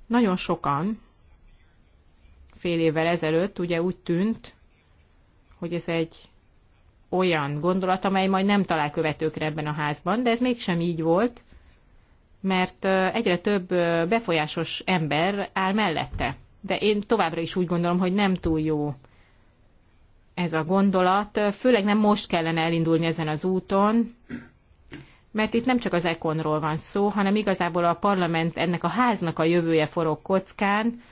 Nagyon sokan fél évvel ezelőtt ugye úgy tűnt, hogy ez egy olyan gondolat, amely majd nem talál követőkre ebben a házban, de ez mégsem így volt mert egyre több befolyásos ember áll mellette. De én továbbra is úgy gondolom, hogy nem túl jó ez a gondolat. Főleg nem most kellene elindulni ezen az úton, mert itt nem csak az ekonról van szó, hanem igazából a parlament ennek a háznak a jövője forog kockán,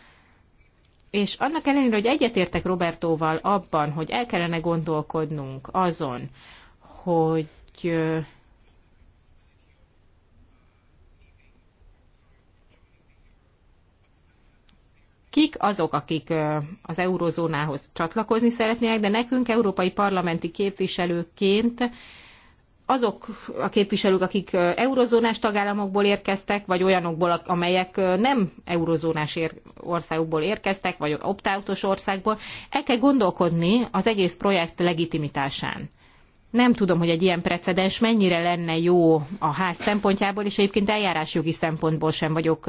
és annak ellenére, hogy egyetértek Robertóval abban, hogy el kellene gondolkodnunk azon, hogy kik azok, akik az eurozónához csatlakozni szeretnének, de nekünk, európai parlamenti képviselőként azok a képviselők, akik eurozónás tagállamokból érkeztek, vagy olyanokból, amelyek nem eurozónás ér- országokból érkeztek, vagy optáutos országból, el kell gondolkodni az egész projekt legitimitásán. Nem tudom, hogy egy ilyen precedens mennyire lenne jó a ház szempontjából, és egyébként eljárásjogi szempontból sem vagyok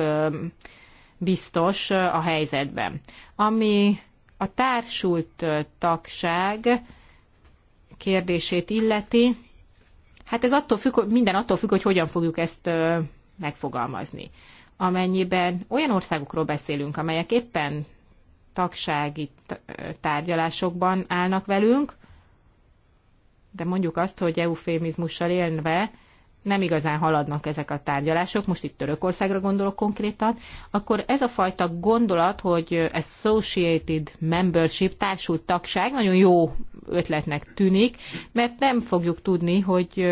biztos a helyzetben. Ami a társult tagság kérdését illeti, hát ez attól függ, minden attól függ, hogy hogyan fogjuk ezt megfogalmazni. Amennyiben olyan országokról beszélünk, amelyek éppen tagsági tárgyalásokban állnak velünk, de mondjuk azt, hogy eufémizmussal élve, nem igazán haladnak ezek a tárgyalások, most itt Törökországra gondolok konkrétan, akkor ez a fajta gondolat, hogy associated membership, társult tagság nagyon jó ötletnek tűnik, mert nem fogjuk tudni, hogy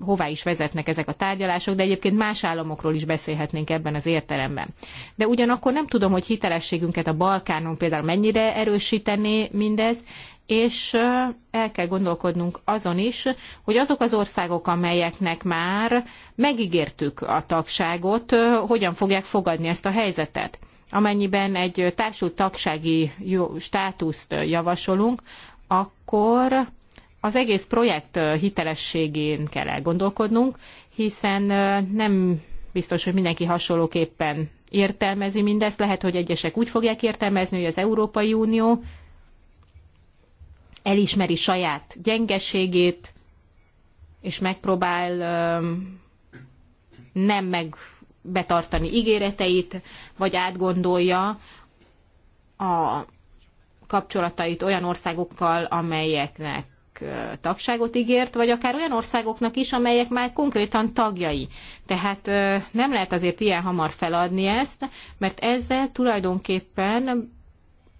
hová is vezetnek ezek a tárgyalások, de egyébként más államokról is beszélhetnénk ebben az értelemben. De ugyanakkor nem tudom, hogy hitelességünket a Balkánon például mennyire erősítené mindez, és el kell gondolkodnunk azon is, hogy azok az országok, amelyeknek már megígértük a tagságot, hogyan fogják fogadni ezt a helyzetet. Amennyiben egy társult tagsági státuszt javasolunk, akkor az egész projekt hitelességén kell elgondolkodnunk, hiszen nem biztos, hogy mindenki hasonlóképpen értelmezi mindezt. Lehet, hogy egyesek úgy fogják értelmezni, hogy az Európai Unió elismeri saját gyengeségét, és megpróbál nem meg betartani ígéreteit, vagy átgondolja a kapcsolatait olyan országokkal, amelyeknek tagságot ígért, vagy akár olyan országoknak is, amelyek már konkrétan tagjai. Tehát nem lehet azért ilyen hamar feladni ezt, mert ezzel tulajdonképpen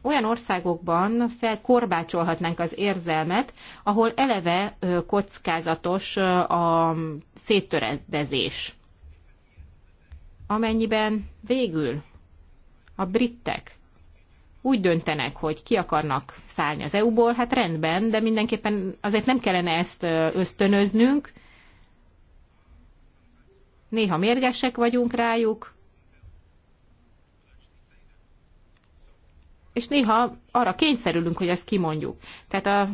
olyan országokban felkorbácsolhatnánk az érzelmet, ahol eleve kockázatos a széttöredezés. Amennyiben végül a britek úgy döntenek, hogy ki akarnak szállni az EU-ból, hát rendben, de mindenképpen azért nem kellene ezt ösztönöznünk. Néha mérgesek vagyunk rájuk, és néha arra kényszerülünk, hogy ezt kimondjuk. Tehát a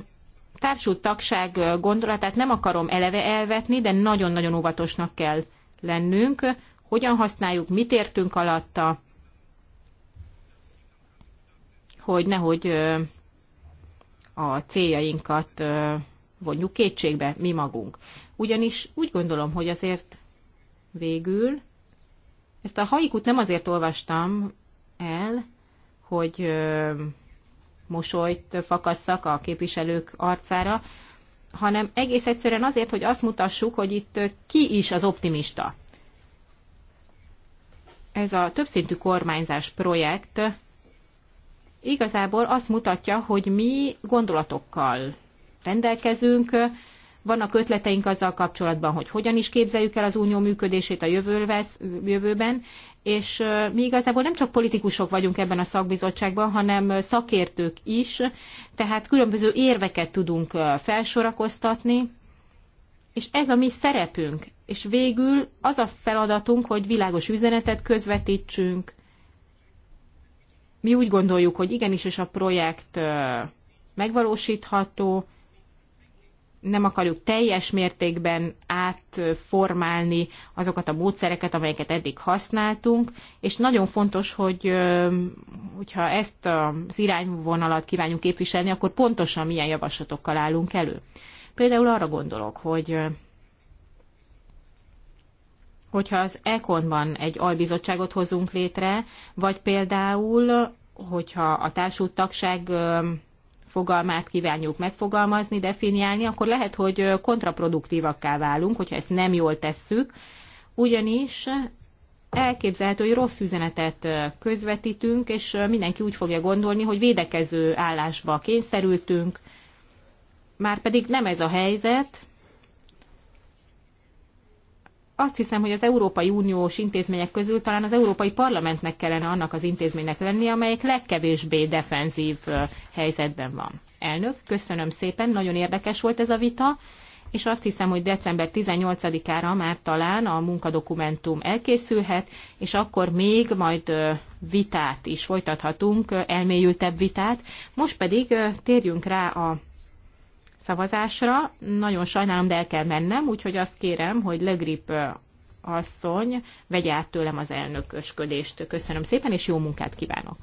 társult tagság gondolatát nem akarom eleve elvetni, de nagyon-nagyon óvatosnak kell lennünk, hogyan használjuk, mit értünk alatta, hogy nehogy a céljainkat vonjuk kétségbe mi magunk. Ugyanis úgy gondolom, hogy azért végül ezt a haikut nem azért olvastam el, hogy mosolyt fakasszak a képviselők arcára, hanem egész egyszerűen azért, hogy azt mutassuk, hogy itt ki is az optimista. Ez a többszintű kormányzás projekt igazából azt mutatja, hogy mi gondolatokkal rendelkezünk, vannak ötleteink azzal kapcsolatban, hogy hogyan is képzeljük el az unió működését a jövővel, jövőben, és mi igazából nem csak politikusok vagyunk ebben a szakbizottságban, hanem szakértők is, tehát különböző érveket tudunk felsorakoztatni, és ez a mi szerepünk, és végül az a feladatunk, hogy világos üzenetet közvetítsünk. Mi úgy gondoljuk, hogy igenis, és a projekt megvalósítható, nem akarjuk teljes mértékben átformálni azokat a módszereket, amelyeket eddig használtunk, és nagyon fontos, hogy hogyha ezt az irányvonalat kívánjuk képviselni, akkor pontosan milyen javaslatokkal állunk elő. Például arra gondolok, hogy hogyha az Econban egy albizottságot hozunk létre, vagy például, hogyha a társult tagság fogalmát kívánjuk megfogalmazni, definiálni, akkor lehet, hogy kontraproduktívakká válunk, hogyha ezt nem jól tesszük, ugyanis elképzelhető, hogy rossz üzenetet közvetítünk, és mindenki úgy fogja gondolni, hogy védekező állásba kényszerültünk, már pedig nem ez a helyzet, azt hiszem, hogy az Európai Uniós intézmények közül talán az Európai Parlamentnek kellene annak az intézménynek lenni, amelyik legkevésbé defenzív helyzetben van. Elnök, köszönöm szépen, nagyon érdekes volt ez a vita, és azt hiszem, hogy december 18-ára már talán a munkadokumentum elkészülhet, és akkor még majd vitát is folytathatunk, elmélyültebb vitát. Most pedig térjünk rá a szavazásra. Nagyon sajnálom, de el kell mennem, úgyhogy azt kérem, hogy Legrip asszony vegye át tőlem az elnökösködést. Köszönöm szépen, és jó munkát kívánok!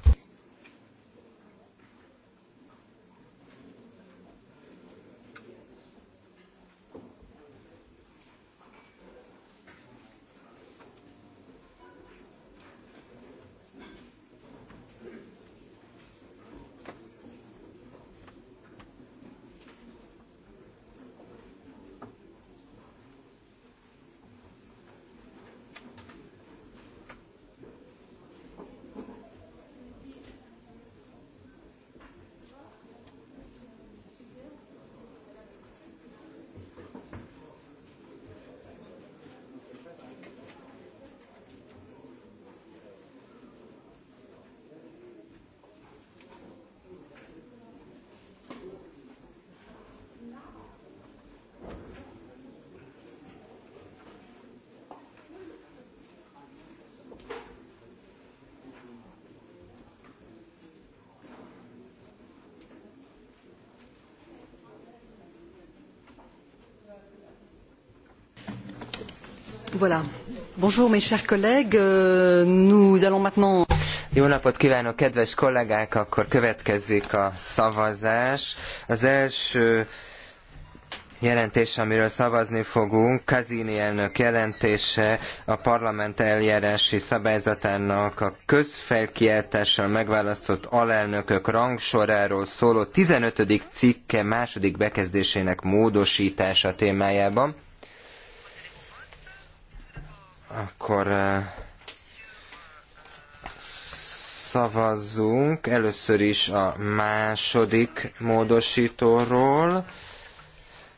Voilà. Bonjour mes chers collègues, euh, nous allons maintenant... Jó napot kívánok, kedves kollégák! Akkor következzék a szavazás. Az első jelentés, amiről szavazni fogunk, Kazini elnök jelentése a parlament eljárási szabályzatának a közfelkiáltással megválasztott alelnökök rangsoráról szóló 15. cikke második bekezdésének módosítása témájában. Akkor eh, szavazzunk először is a második módosítóról.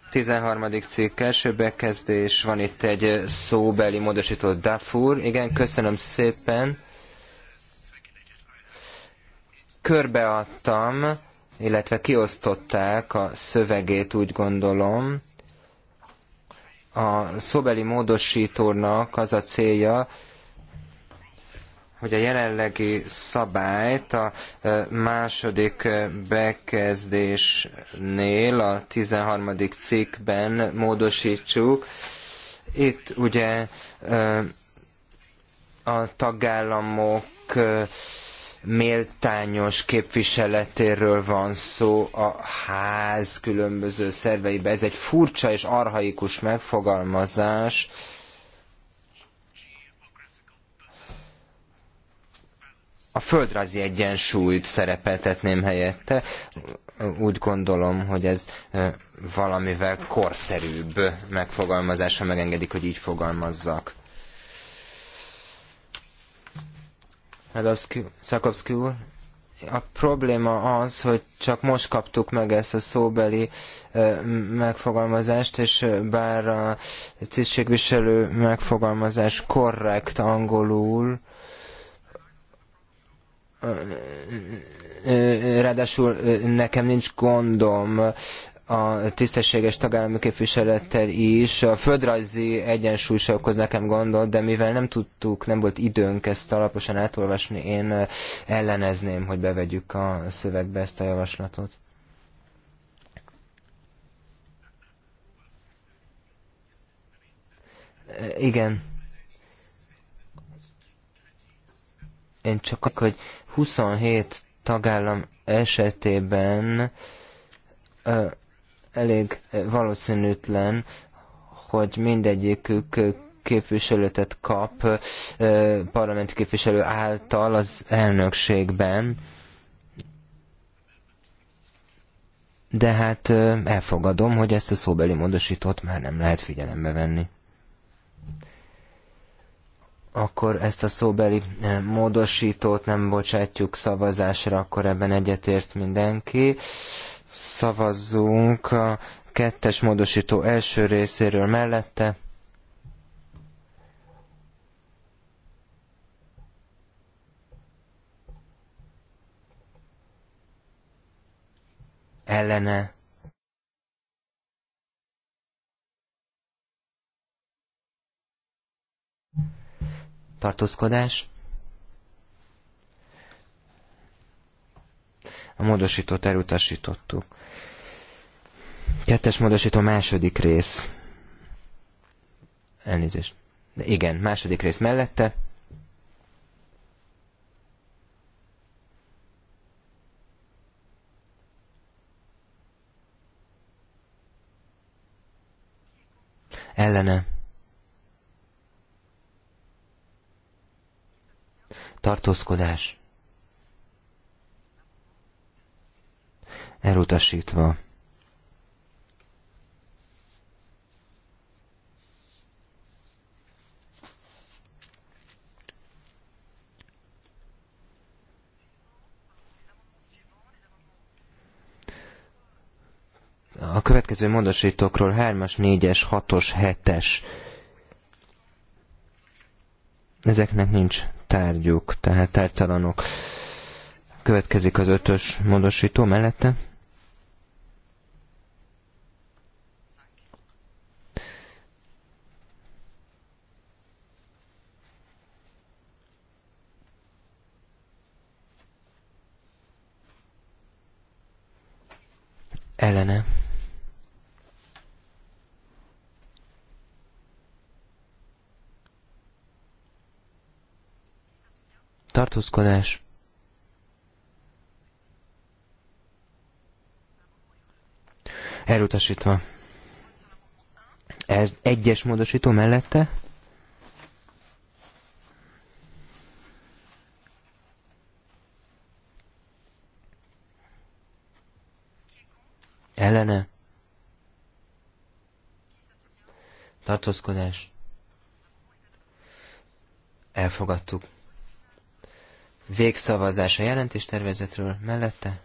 13. cikk első bekezdés, van itt egy szóbeli módosító Dafur. Igen, köszönöm szépen. Körbeadtam, illetve kiosztották a szövegét, úgy gondolom. A szóbeli módosítónak az a célja, hogy a jelenlegi szabályt a második bekezdésnél, a 13. cikkben módosítsuk. Itt ugye a tagállamok méltányos képviseletéről van szó a ház különböző szerveibe. Ez egy furcsa és arhaikus megfogalmazás. A földrajzi egyensúlyt szerepeltetném helyette. Úgy gondolom, hogy ez valamivel korszerűbb megfogalmazása, megengedik, hogy így fogalmazzak. Szakovszki úr. A probléma az, hogy csak most kaptuk meg ezt a szóbeli megfogalmazást, és bár a tisztségviselő megfogalmazás korrekt angolul, ráadásul nekem nincs gondom a tisztességes tagállami képviselettel is. A földrajzi egyensúly se okoz nekem gondot, de mivel nem tudtuk, nem volt időnk ezt alaposan átolvasni, én ellenezném, hogy bevegyük a szövegbe ezt a javaslatot. Igen. Én csak akkor, hogy 27 tagállam esetében elég valószínűtlen, hogy mindegyikük képviselőtet kap parlamenti képviselő által az elnökségben. De hát elfogadom, hogy ezt a szóbeli módosítót már nem lehet figyelembe venni. Akkor ezt a szóbeli módosítót nem bocsátjuk szavazásra, akkor ebben egyetért mindenki szavazzunk a kettes módosító első részéről mellette. Ellene. Tartózkodás. A módosítót elutasítottuk. Kettes módosító második rész. Elnézést. De igen, második rész mellette. Ellene. Tartózkodás. elutasítva. A következő módosítókról 3-as, 4-es, 6-os, 7-es. Ezeknek nincs tárgyuk, tehát tártalanok. Következik az 5-ös módosító mellette. ellene. Tartózkodás. Elutasítva. Ez egyes módosító mellette? ellene, tartózkodás, elfogadtuk. Végszavazás a jelentéstervezetről mellette.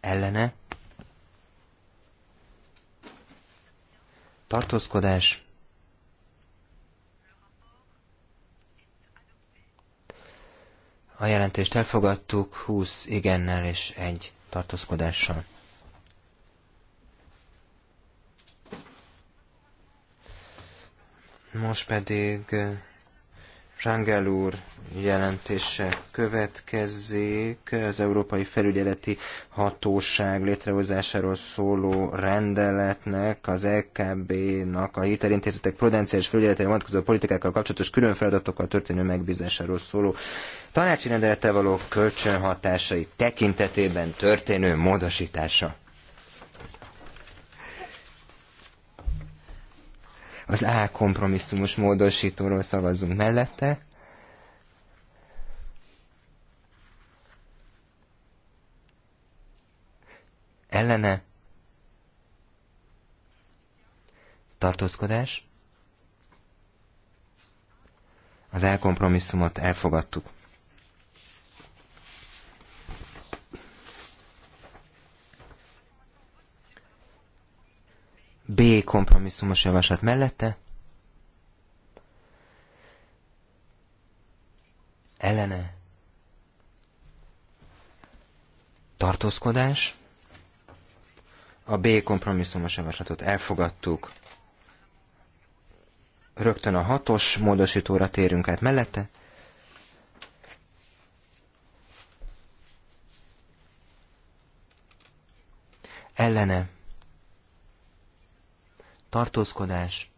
Ellene. Tartózkodás. A jelentést elfogadtuk 20 igennel és egy tartózkodással. Most pedig Rangel úr jelentése következzék. Az Európai Felügyeleti Hatóság létrehozásáról szóló rendeletnek, az EKB-nak a hitelintézetek prudenciális felügyeletére vonatkozó politikákkal kapcsolatos külön feladatokkal történő megbízásáról szóló tanácsi rendelettel való kölcsönhatásai tekintetében történő módosítása. Az A kompromisszumos módosítóról szavazzunk mellette. Ellene. Tartózkodás. Az elkompromisszumot elfogadtuk. B kompromisszumos javaslat mellette, ellene tartózkodás. A B kompromisszumos javaslatot elfogadtuk. Rögtön a hatos módosítóra térünk át mellette. Ellene tartózkodás,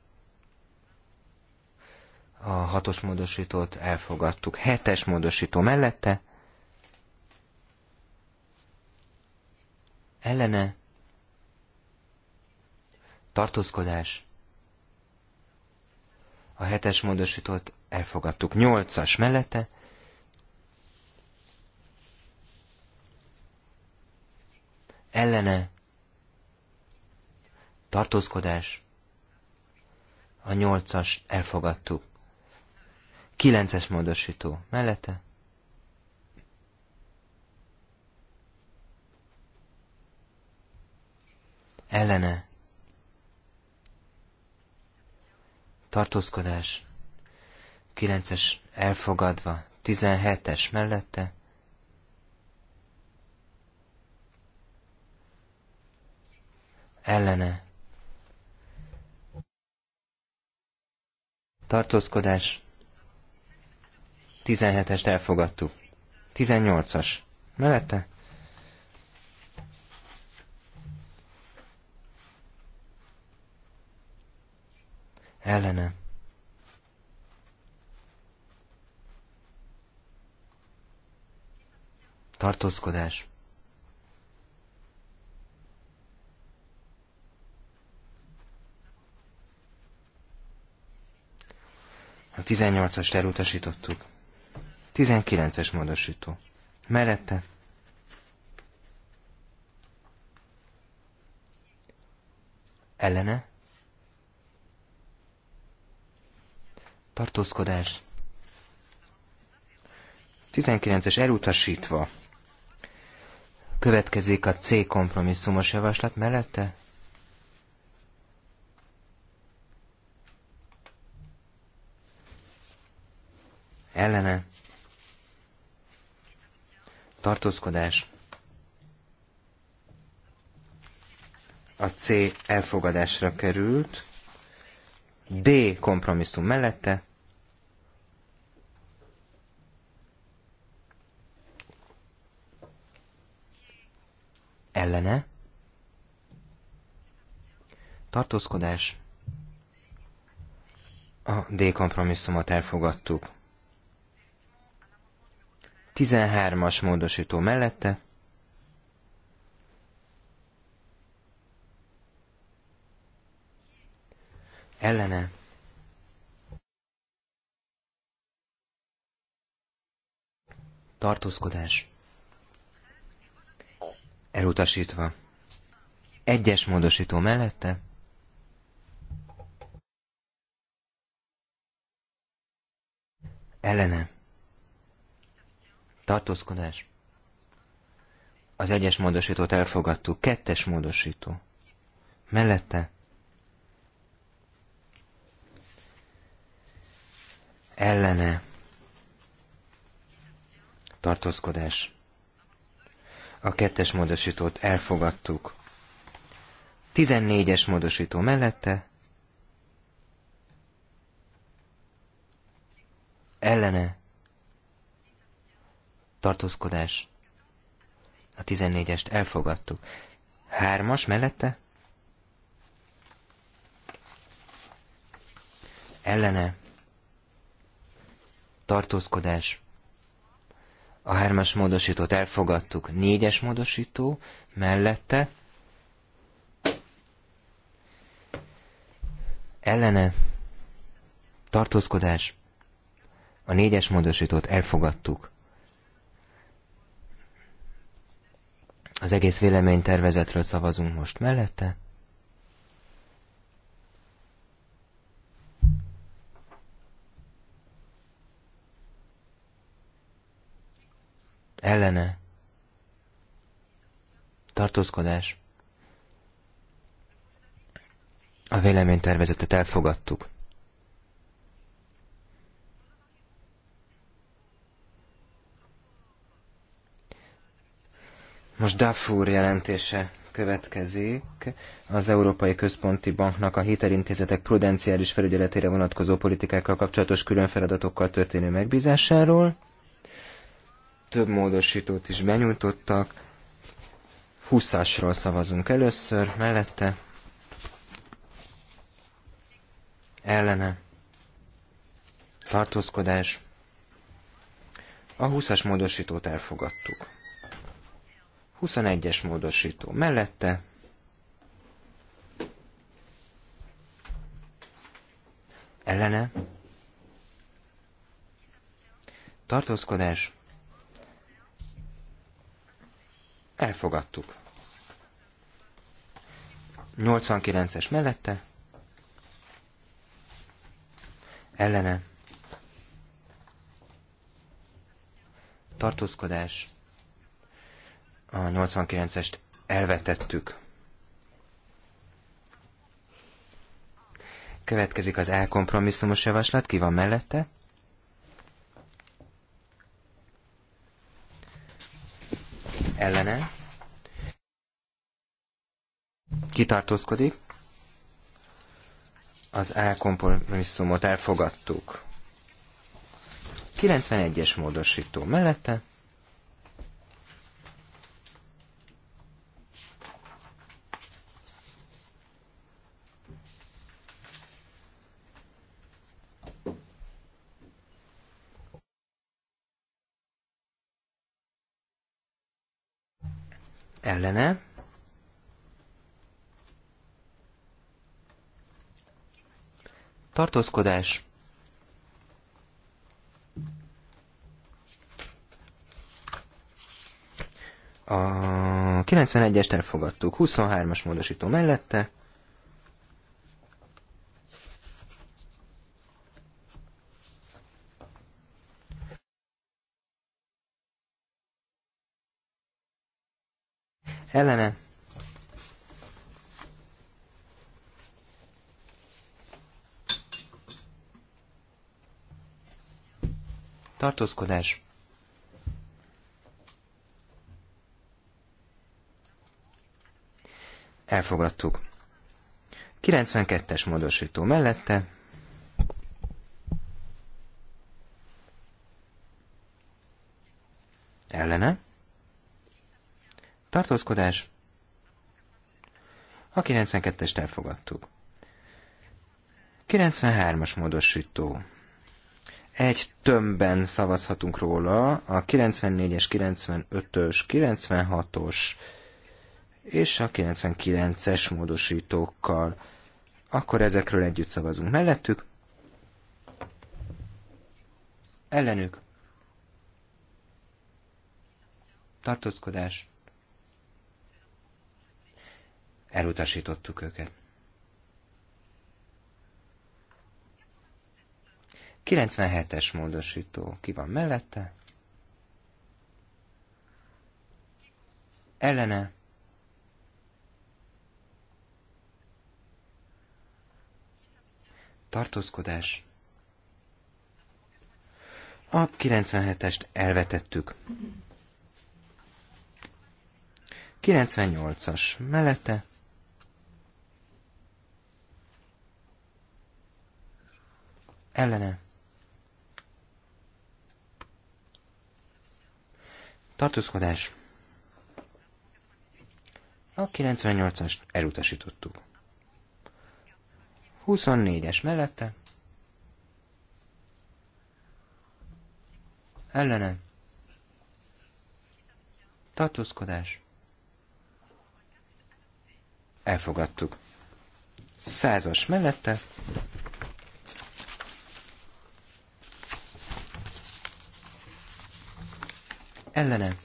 a hatos módosítót elfogadtuk. Hetes módosító mellette, ellene, tartózkodás, a hetes módosítót elfogadtuk. Nyolcas mellette, ellene, tartózkodás, a nyolcas elfogadtuk. Kilences módosító mellette. Ellene. Tartózkodás. Kilences elfogadva. Tizenhetes mellette. Ellene tartózkodás, 17-est elfogadtuk. 18-as. Mellette? Ellene. Tartózkodás. A 18 as elutasítottuk. 19-es módosító. Mellette. Ellene. Tartózkodás. 19-es elutasítva. Következik a C kompromisszumos javaslat mellette. ellene, tartózkodás, a C elfogadásra került, D kompromisszum mellette, ellene, tartózkodás, a D kompromisszumot elfogadtuk. 13-as módosító mellette, ellene, tartózkodás, elutasítva, egyes módosító mellette, ellene, tartózkodás. Az egyes módosítót elfogadtuk, kettes módosító. Mellette ellene tartózkodás. A kettes módosítót elfogadtuk. 14-es módosító mellette ellene tartózkodás. A 14-est elfogadtuk. Hármas mellette? Ellene. Tartózkodás. A hármas módosítót elfogadtuk. Négyes módosító mellette. Ellene. Tartózkodás. A négyes módosítót elfogadtuk. Az egész véleménytervezetről szavazunk most mellette. Ellene. Tartózkodás. A véleménytervezetet elfogadtuk. Most Dafur jelentése következik. Az Európai Központi Banknak a hitelintézetek prudenciális felügyeletére vonatkozó politikákkal kapcsolatos külön feladatokkal történő megbízásáról. Több módosítót is benyújtottak. 20 szavazunk először, mellette. Ellene. Tartózkodás. A 20-as módosítót elfogadtuk. 21-es módosító mellette, ellene, tartózkodás, elfogadtuk. 89-es mellette, ellene, tartózkodás, a 89-est elvetettük. Következik az elkompromisszumos javaslat, ki van mellette? Ellene? Kitartózkodik? Az elkompromisszumot elfogadtuk. 91-es módosító mellette? ellene. Tartózkodás. A 91-est elfogadtuk, 23-as módosító mellette, ellene tartózkodás elfogadtuk 92-es módosító mellette ellene tartózkodás. A 92-est elfogadtuk. 93-as módosító. Egy tömbben szavazhatunk róla, a 94-es, 95-ös, 96-os és a 99-es módosítókkal. Akkor ezekről együtt szavazunk mellettük. Ellenük. Tartózkodás elutasítottuk őket. 97-es módosító ki van mellette, ellene, tartózkodás. A 97-est elvetettük. 98-as mellette, ellene. Tartózkodás. A 98-ast elutasítottuk. 24-es mellette. Ellene. Tartózkodás. Elfogadtuk. Százas mellette. ellene.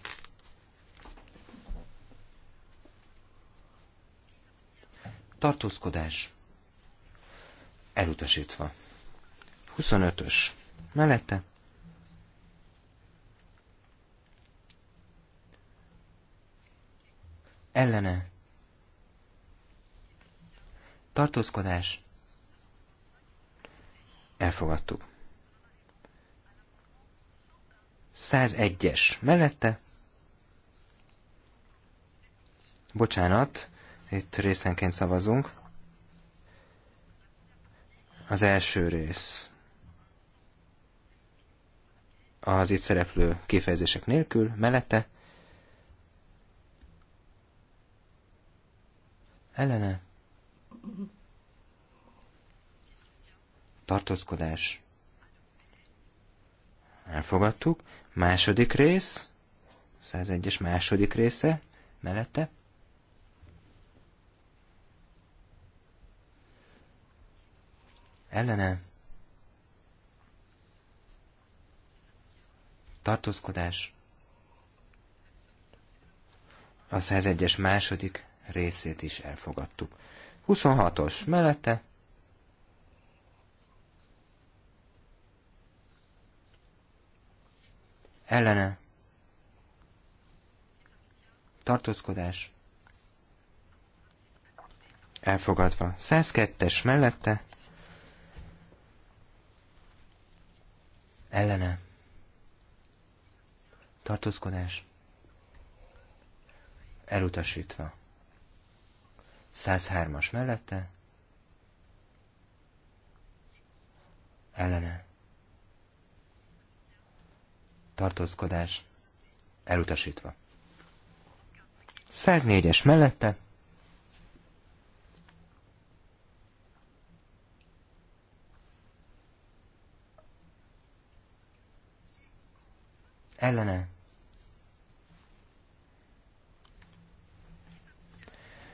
Tartózkodás. Elutasítva. 25-ös. Mellette. Ellene. Tartózkodás. Elfogadtuk. 101-es mellette. Bocsánat, itt részenként szavazunk. Az első rész az itt szereplő kifejezések nélkül, mellette, ellene, tartózkodás, elfogadtuk, Második rész, 101-es második része, mellette. Ellene. Tartózkodás. A 101-es második részét is elfogadtuk. 26-os mellette. ellene, tartózkodás, elfogadva. 102-es mellette, ellene, tartózkodás, elutasítva. 103-as mellette, ellene, tartózkodás elutasítva. 104-es mellette ellene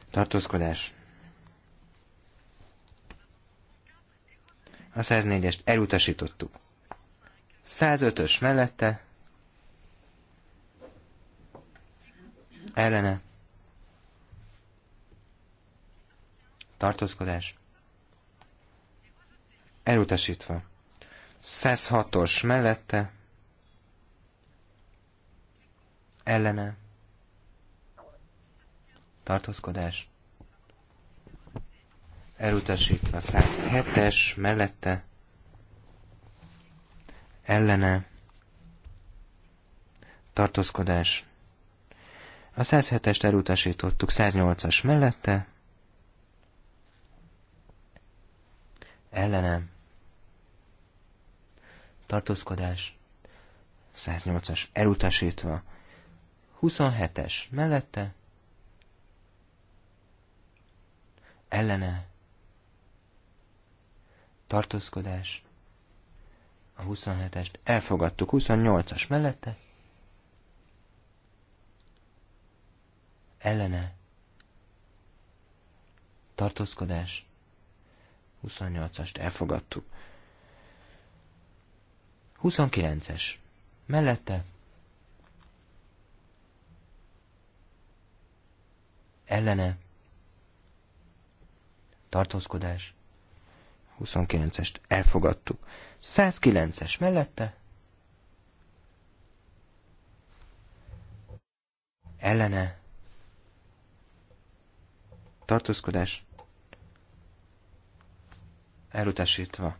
tartózkodás a 104-est elutasítottuk. 105-ös mellette ellene tartózkodás elutasítva. 106-os mellette ellene tartózkodás elutasítva 107-es mellette ellene tartózkodás a 107-est elutasítottuk 108-as mellette. Ellenem. Tartózkodás. 108-as elutasítva. 27-es mellette. Ellene. Tartózkodás. A 27-est elfogadtuk 28-as mellette ellene, tartózkodás, 28-ast elfogadtuk. 29-es, mellette, ellene, tartózkodás, 29-est elfogadtuk. 109-es mellette, ellene, tartózkodás elutasítva.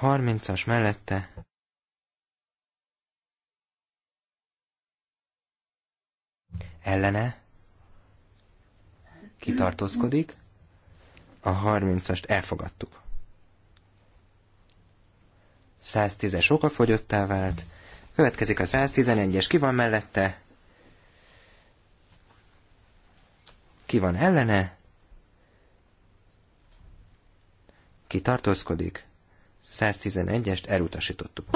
30-as mellette ellene kitartózkodik, a 30-ast elfogadtuk. 110-es okafogyottá vált, következik a 111-es, ki van mellette, Ki van ellene? Ki tartózkodik? 111-est elutasítottuk.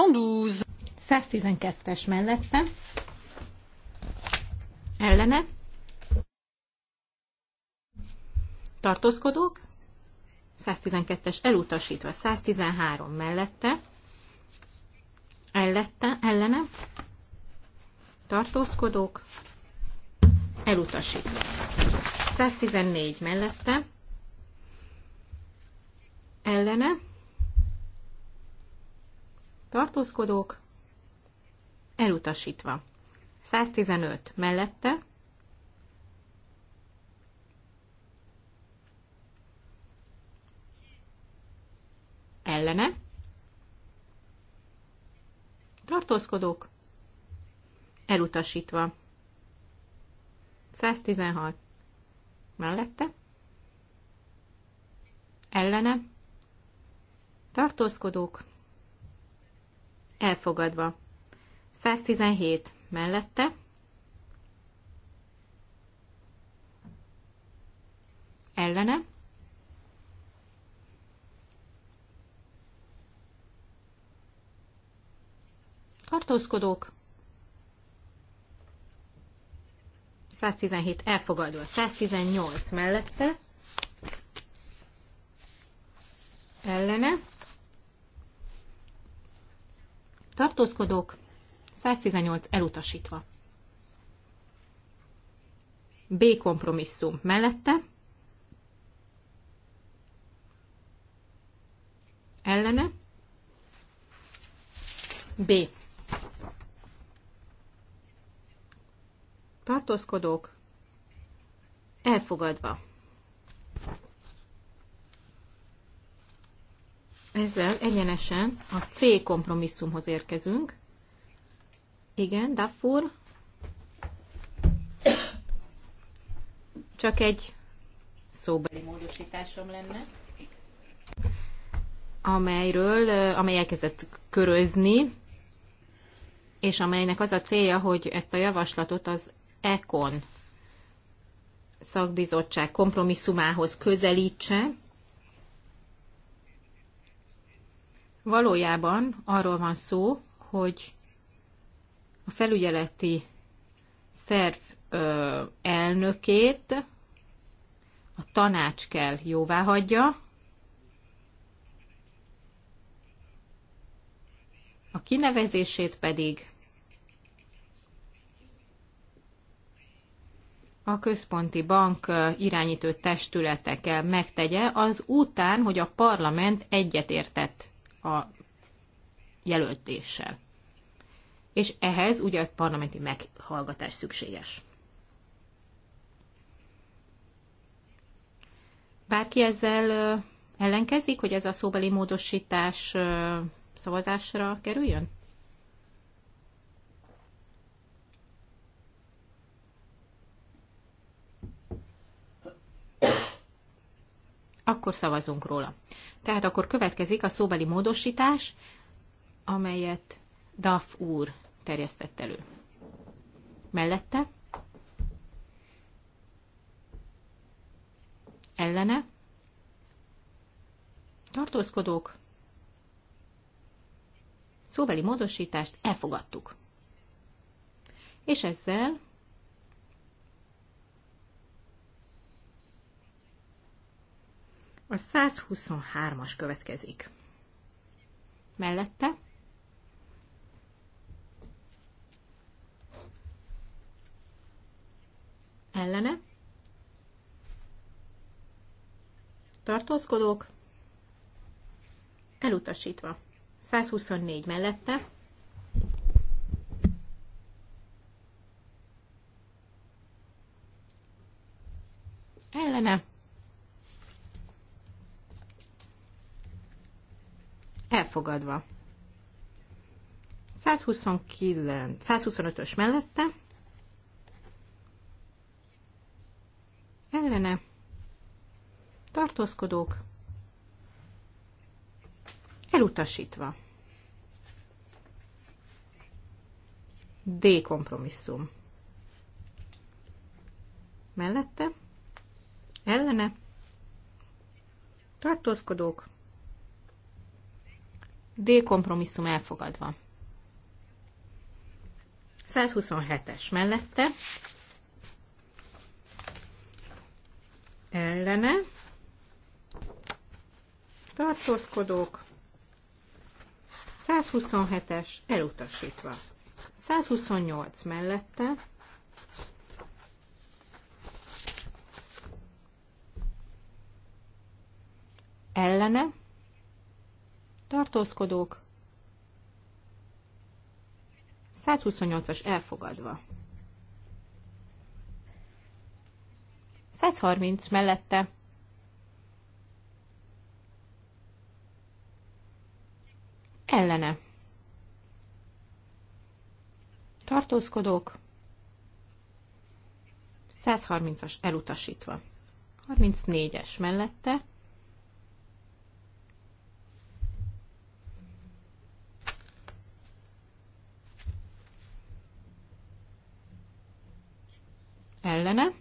112-es mellette. Ellene. Tartózkodók. 112-es elutasítva. 113 mellette. Ellette, ellene. Tartózkodók. Elutasítva. 114 mellette, ellene, tartózkodók, elutasítva. 115 mellette, ellene, tartózkodók, elutasítva. 116 mellette, ellene, tartózkodók, elfogadva. 117 mellette, ellene, tartózkodók, 117 elfogadva, 118 mellette, ellene, tartózkodók, 118 elutasítva. B kompromisszum mellette, ellene, B tartózkodók, elfogadva. Ezzel egyenesen a C kompromisszumhoz érkezünk. Igen, Daffur. Csak egy szóbeli módosításom lenne amelyről, amely elkezdett körözni, és amelynek az a célja, hogy ezt a javaslatot az ECON szakbizottság kompromisszumához közelítse. Valójában arról van szó, hogy a felügyeleti szerv elnökét a tanács kell jóvá hagyja, a kinevezését pedig a központi bank irányító testülete kell megtegye, az után, hogy a parlament egyetértett a jelöltéssel. És ehhez ugye a parlamenti meghallgatás szükséges. Bárki ezzel ellenkezik, hogy ez a szóbeli módosítás szavazásra kerüljön? akkor szavazunk róla. Tehát akkor következik a szóbeli módosítás, amelyet Daf úr terjesztett elő. Mellette? Ellene? Tartózkodók? Szóbeli módosítást elfogadtuk. És ezzel A 123-as következik. Mellette ellene tartózkodók elutasítva. 124 mellette ellene Elfogadva. 129, 125-ös mellette. Ellene. Tartózkodók. Elutasítva. D kompromisszum. Mellette. Ellene. Tartózkodók. D kompromisszum elfogadva. 127-es mellette. Ellene. Tartózkodók. 127-es elutasítva. 128 mellette. Ellene tartózkodók, 128-as elfogadva. 130 mellette. Ellene. Tartózkodók. 130-as elutasítva. 34-es mellette. ellene.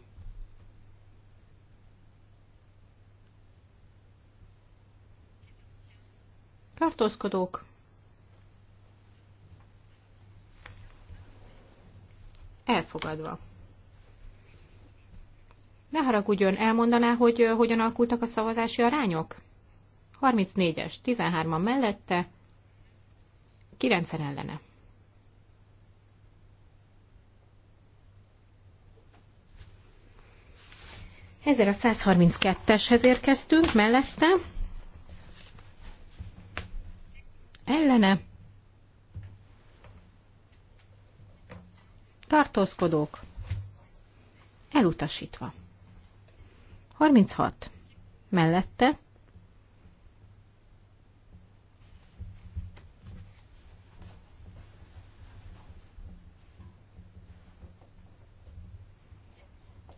Tartózkodók. Elfogadva. Ne haragudjon, elmondaná, hogy hogyan alakultak a szavazási arányok? 34-es, 13-an mellette, 9 ellene. Ezzel a 132-eshez érkeztünk mellette. Ellene. Tartózkodók. Elutasítva. 36. Mellette.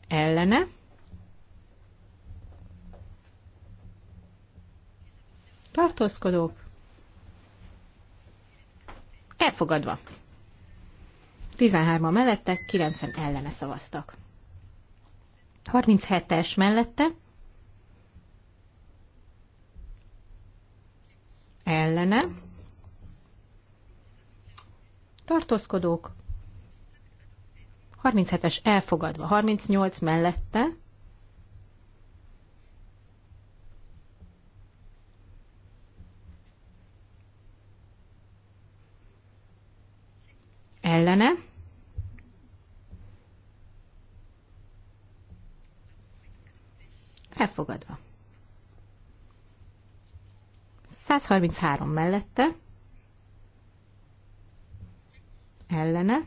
Ellene. tartózkodók, elfogadva. 13 mellette, 90 ellene szavaztak. 37-es mellette, ellene, tartózkodók, 37-es elfogadva, 38 mellette, 33 mellette, ellene,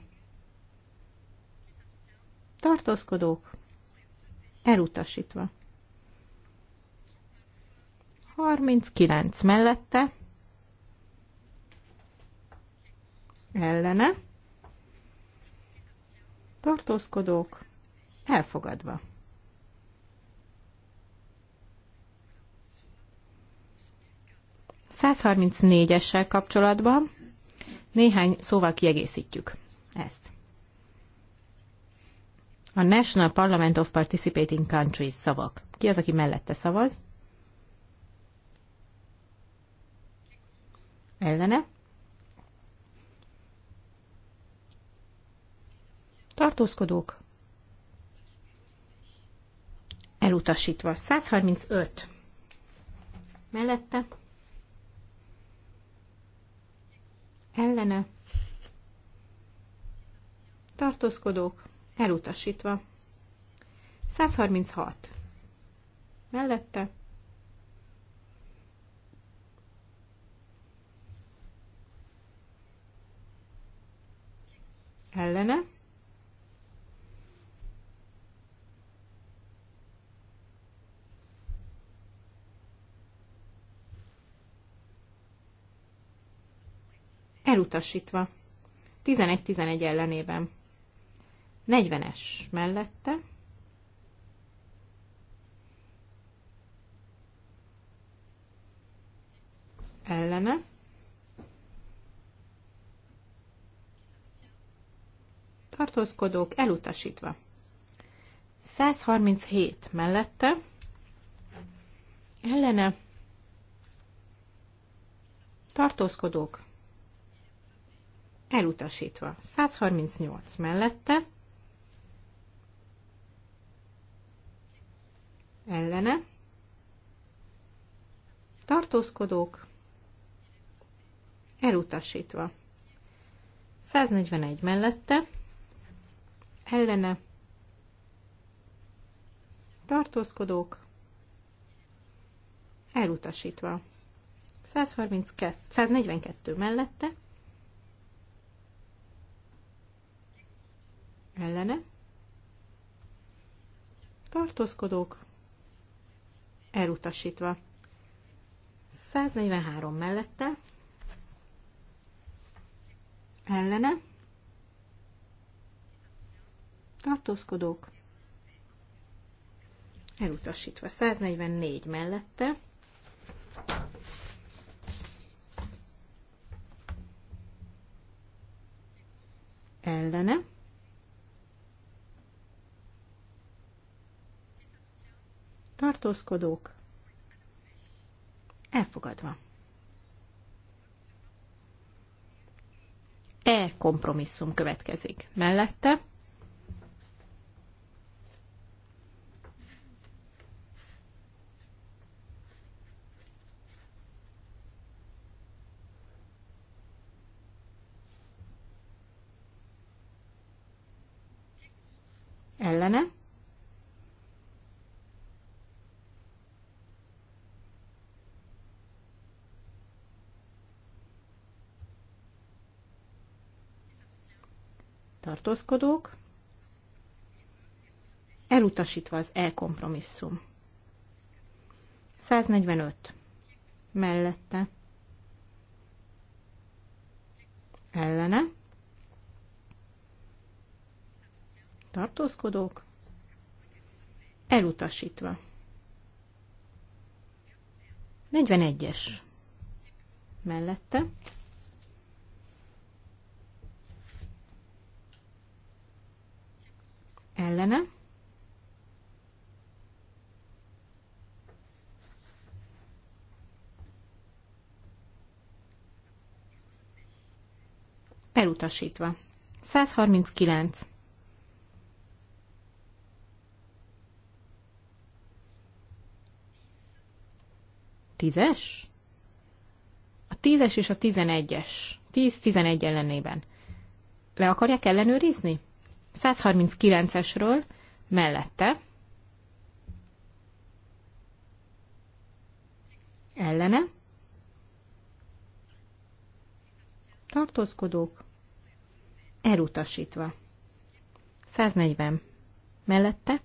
tartózkodók, elutasítva. 39 mellette, ellene, tartózkodók, elfogadva. 134-essel kapcsolatban néhány szóval kiegészítjük ezt. A National Parliament of Participating Countries szavak. Ki az, aki mellette szavaz? Ellene? Tartózkodók? Elutasítva. 135. Mellette? ellene tartózkodók elutasítva. 136 mellette ellene Elutasítva. 11-11 ellenében. 40-es mellette. Ellene. Tartózkodók elutasítva. 137 mellette. Ellene. Tartózkodók elutasítva. 138 mellette, ellene, tartózkodók, elutasítva. 141 mellette, ellene, tartózkodók, elutasítva. 132, 142 mellette, ellene, tartózkodók, elutasítva. 143 mellette, ellene, tartózkodók, elutasítva. 144 mellette, ellene, tartózkodók, elfogadva. E kompromisszum következik. Mellette tartózkodók, elutasítva az elkompromisszum. 145 mellette ellene tartózkodók, elutasítva. 41-es mellette ellene. Elutasítva. 139. Tízes? A tízes és a tizenegyes. Tíz-tizenegy ellenében. Le akarják ellenőrizni? 139-esről mellette ellene tartózkodók elutasítva. 140 mellette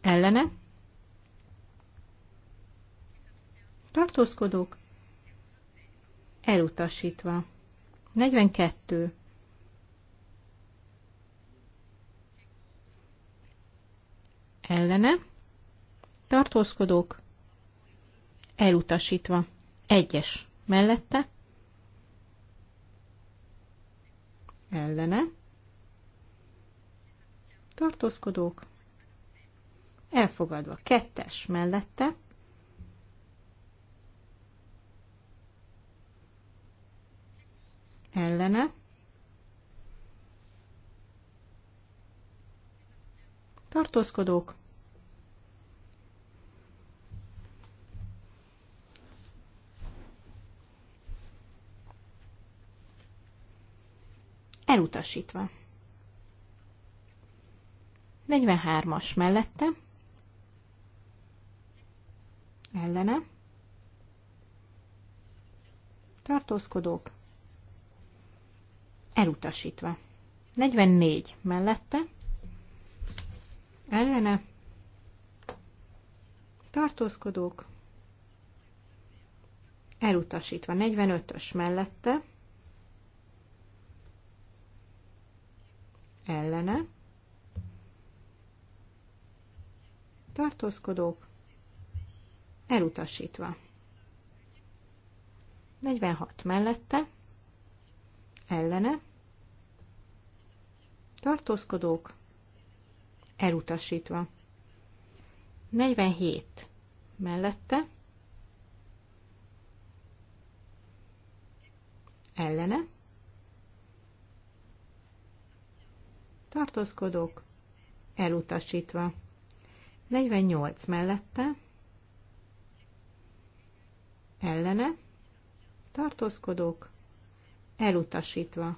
ellene tartózkodók elutasítva. 42 ellene, tartózkodók elutasítva, egyes mellette, ellene, tartózkodók elfogadva, kettes mellette, ellene, tartózkodók, elutasítva. 43-as mellette, ellene, tartózkodók, elutasítva. 44 mellette, ellene tartózkodók elutasítva 45-ös mellette ellene tartózkodók elutasítva 46 mellette ellene tartózkodók elutasítva. 47 mellette, ellene, tartózkodok, elutasítva. 48 mellette, ellene, tartózkodok, elutasítva.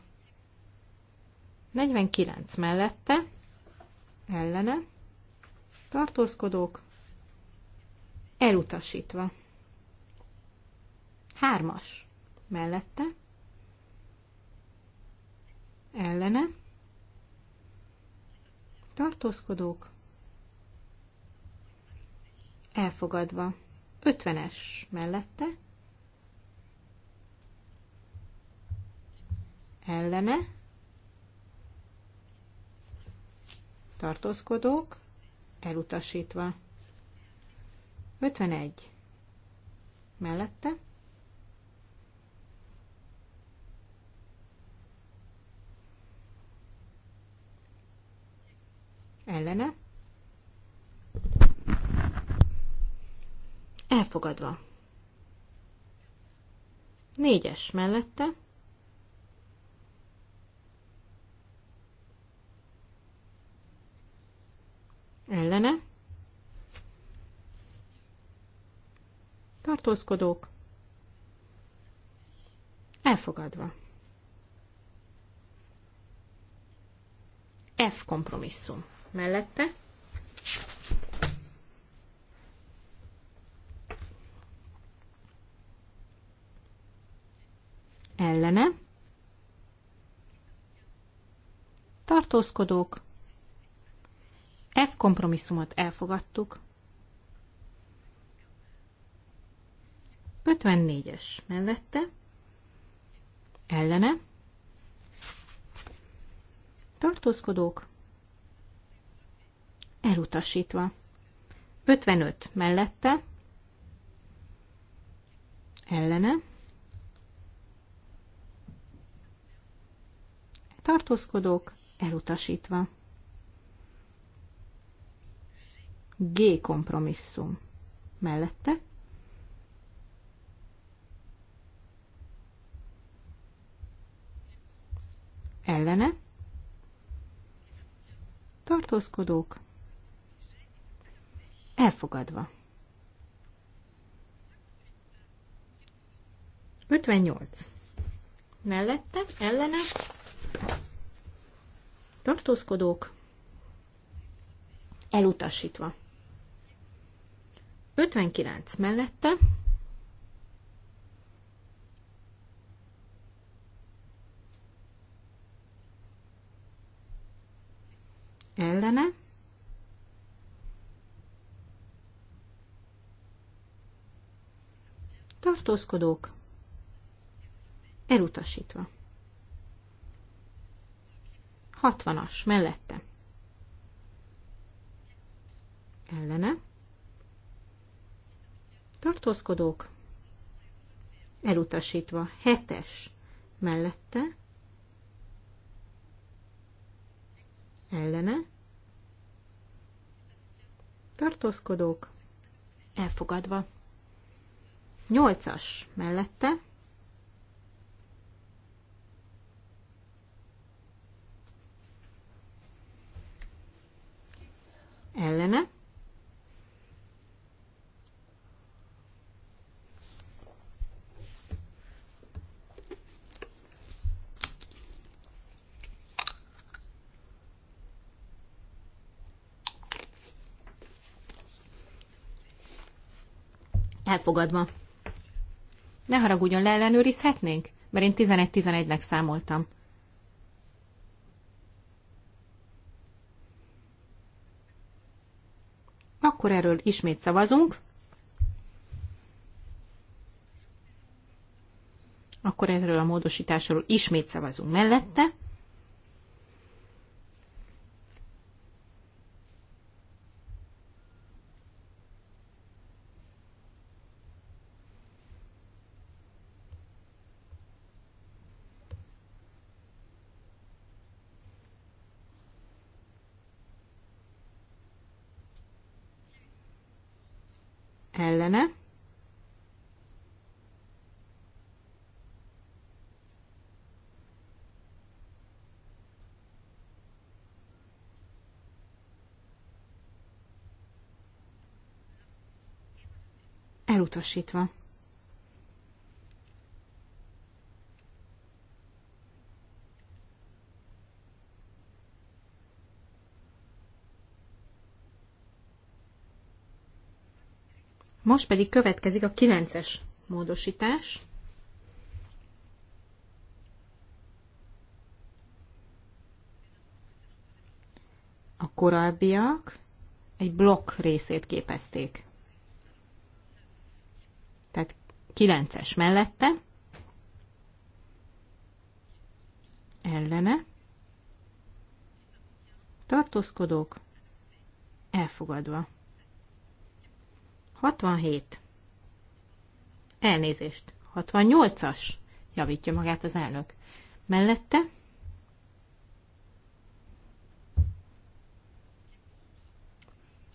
49 mellette, ellene, tartózkodók, elutasítva. Hármas, mellette, ellene, tartózkodók, elfogadva. Ötvenes, mellette, ellene, tartózkodók, elutasítva. 51 mellette, ellene, elfogadva. Négyes mellette, ellene, tartózkodók, elfogadva. F kompromisszum mellette. Ellene. Tartózkodók. F kompromisszumot elfogadtuk. 54-es mellette, ellene, tartózkodók, elutasítva. 55 mellette, ellene, tartózkodók, elutasítva. G kompromisszum mellette. Ellene. Tartózkodók. Elfogadva. 58. Mellette, ellene, tartózkodók, elutasítva. 59 mellette. Ellene. Tartózkodók. Elutasítva. 60-as mellette. Ellene tartózkodók, elutasítva. Hetes mellette, ellene, tartózkodók, elfogadva. Nyolcas mellette, ellene, Elfogadva. Ne haragudjon, leellenőrizhetnénk? Mert én 11-11-nek számoltam. Akkor erről ismét szavazunk. Akkor erről a módosításról ismét szavazunk mellette. kellene. Elutasítva. Most pedig következik a 9-es módosítás. A korábbiak egy blokk részét képezték. Tehát 9-es mellette, ellene, tartózkodók, elfogadva. 67. Elnézést. 68-as. Javítja magát az elnök. Mellette.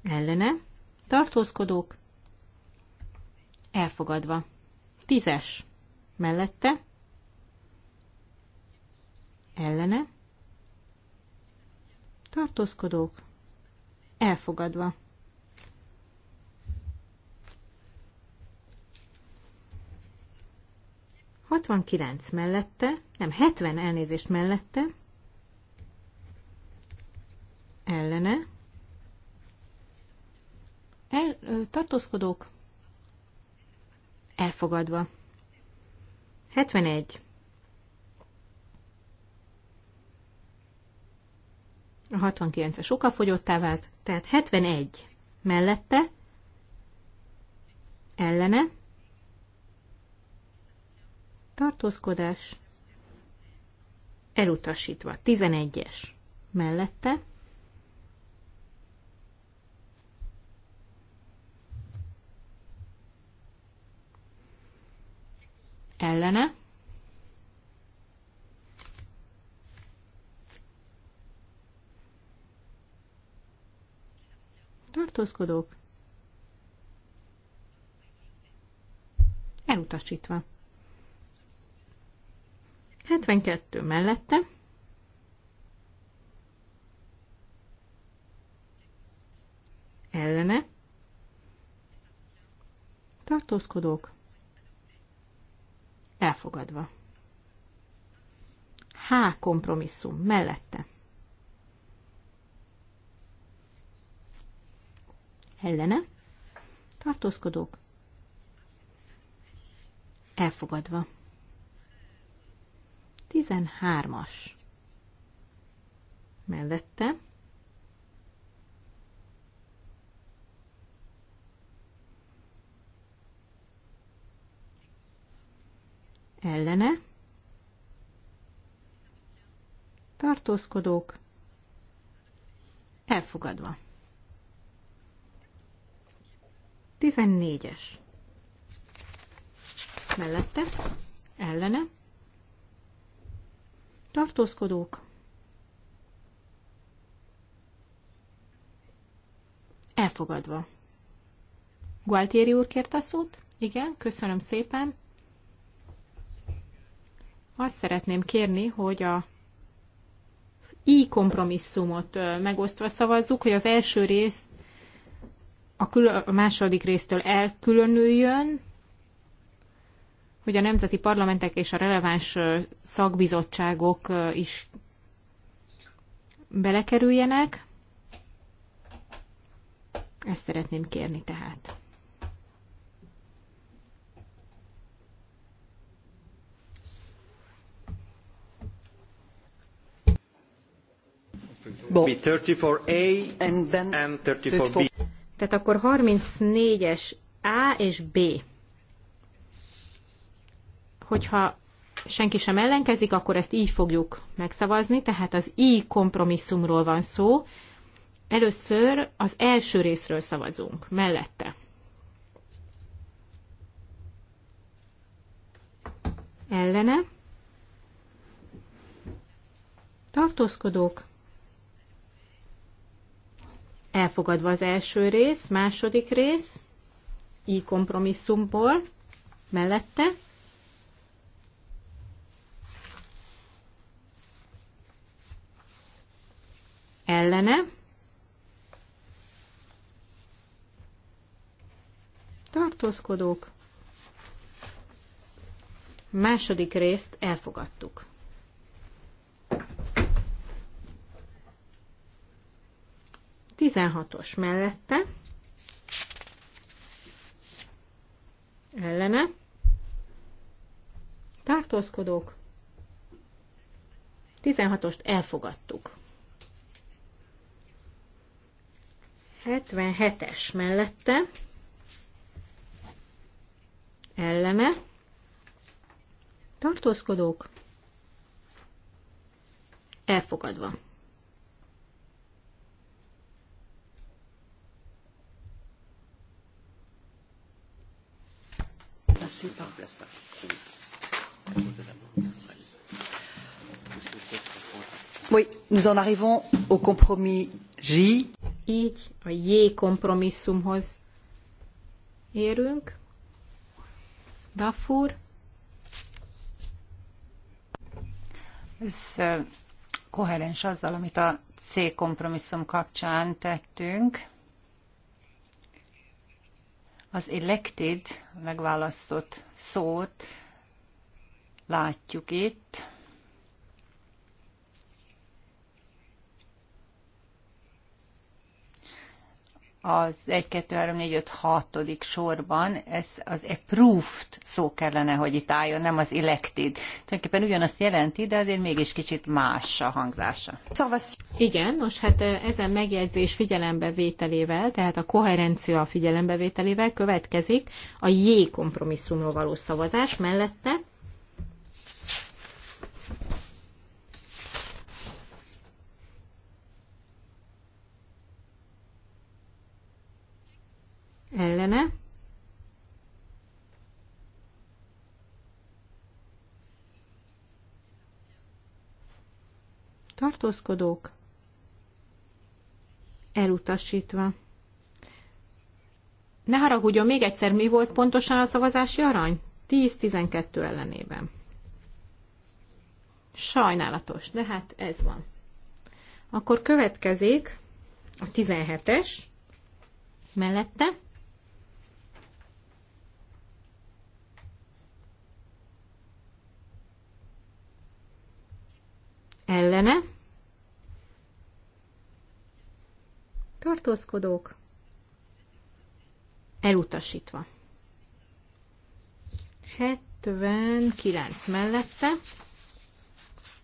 Ellene. Tartózkodók. Elfogadva. Tízes. Mellette. Ellene. Tartózkodók. Elfogadva. 69 mellette, nem, 70 elnézést mellette, ellene, el, ö, tartózkodók, elfogadva. 71. A 69-es okafogyottá vált, tehát 71 mellette, ellene, tartózkodás elutasítva. 11-es mellette ellene tartózkodók elutasítva. 72 mellette. Ellene. Tartózkodók. Elfogadva. H kompromisszum mellette. Ellene. Tartózkodók. Elfogadva. 13-as mellette. Ellene. Tartózkodók. Elfogadva. 14-es. Mellette. Ellene tartózkodók, elfogadva. Gualtieri úr kérte szót? Igen, köszönöm szépen. Azt szeretném kérni, hogy a i kompromisszumot megosztva szavazzuk, hogy az első rész a, külön, a második résztől elkülönüljön, hogy a nemzeti parlamentek és a releváns szakbizottságok is belekerüljenek. Ezt szeretném kérni tehát. Bon. 34A and, then and 34B. Tehát akkor 34-es A és B hogyha senki sem ellenkezik, akkor ezt így fogjuk megszavazni, tehát az i kompromisszumról van szó. Először az első részről szavazunk, mellette. Ellene. Tartózkodók. Elfogadva az első rész, második rész, i kompromisszumból, mellette. ellene. Tartózkodók. Második részt elfogadtuk. Tizenhatos mellette. Ellene. Tartózkodók. 16-ost elfogadtuk. 77-es mellette ellene tartózkodók elfogadva. Oui, nous en arrivons au compromis J így a J kompromisszumhoz érünk. Dafur. Ez koherens azzal, amit a C kompromisszum kapcsán tettünk. Az elected, megválasztott szót látjuk itt. az 1, 2, 3, 4, 5, 6. sorban ez az approved szó kellene, hogy itt álljon, nem az elected. Tulajdonképpen ugyanazt jelenti, de azért mégis kicsit más a hangzása. Igen, most hát ezen megjegyzés figyelembevételével, tehát a koherencia figyelembevételével következik a J kompromisszumról való szavazás mellette ellene. Tartózkodók elutasítva. Ne haragudjon, még egyszer mi volt pontosan a szavazási arany? 10-12 ellenében. Sajnálatos, de hát ez van. Akkor következik a 17-es mellette. ellene, tartózkodók, elutasítva. 79 mellette,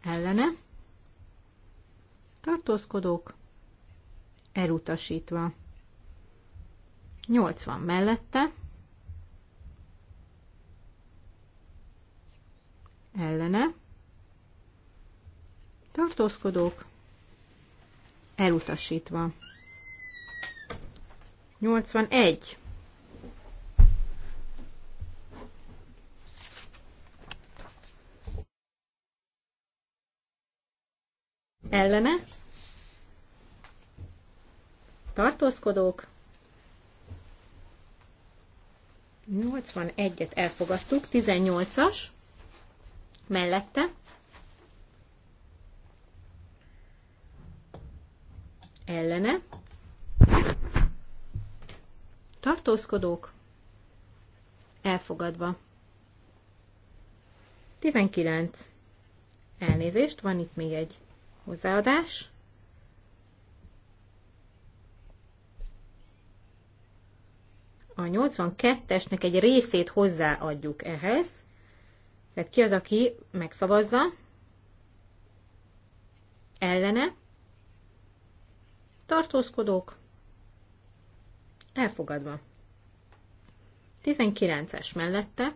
ellene, tartózkodók, elutasítva. 80 mellette, ellene, tartózkodók, elutasítva. 81. Ellene, tartózkodók, 81-et elfogadtuk, 18-as, mellette, ellene, tartózkodók, elfogadva. 19. Elnézést, van itt még egy hozzáadás. A 82-esnek egy részét hozzáadjuk ehhez. Tehát ki az, aki megszavazza, ellene, tartózkodók, elfogadva. 19-es mellette,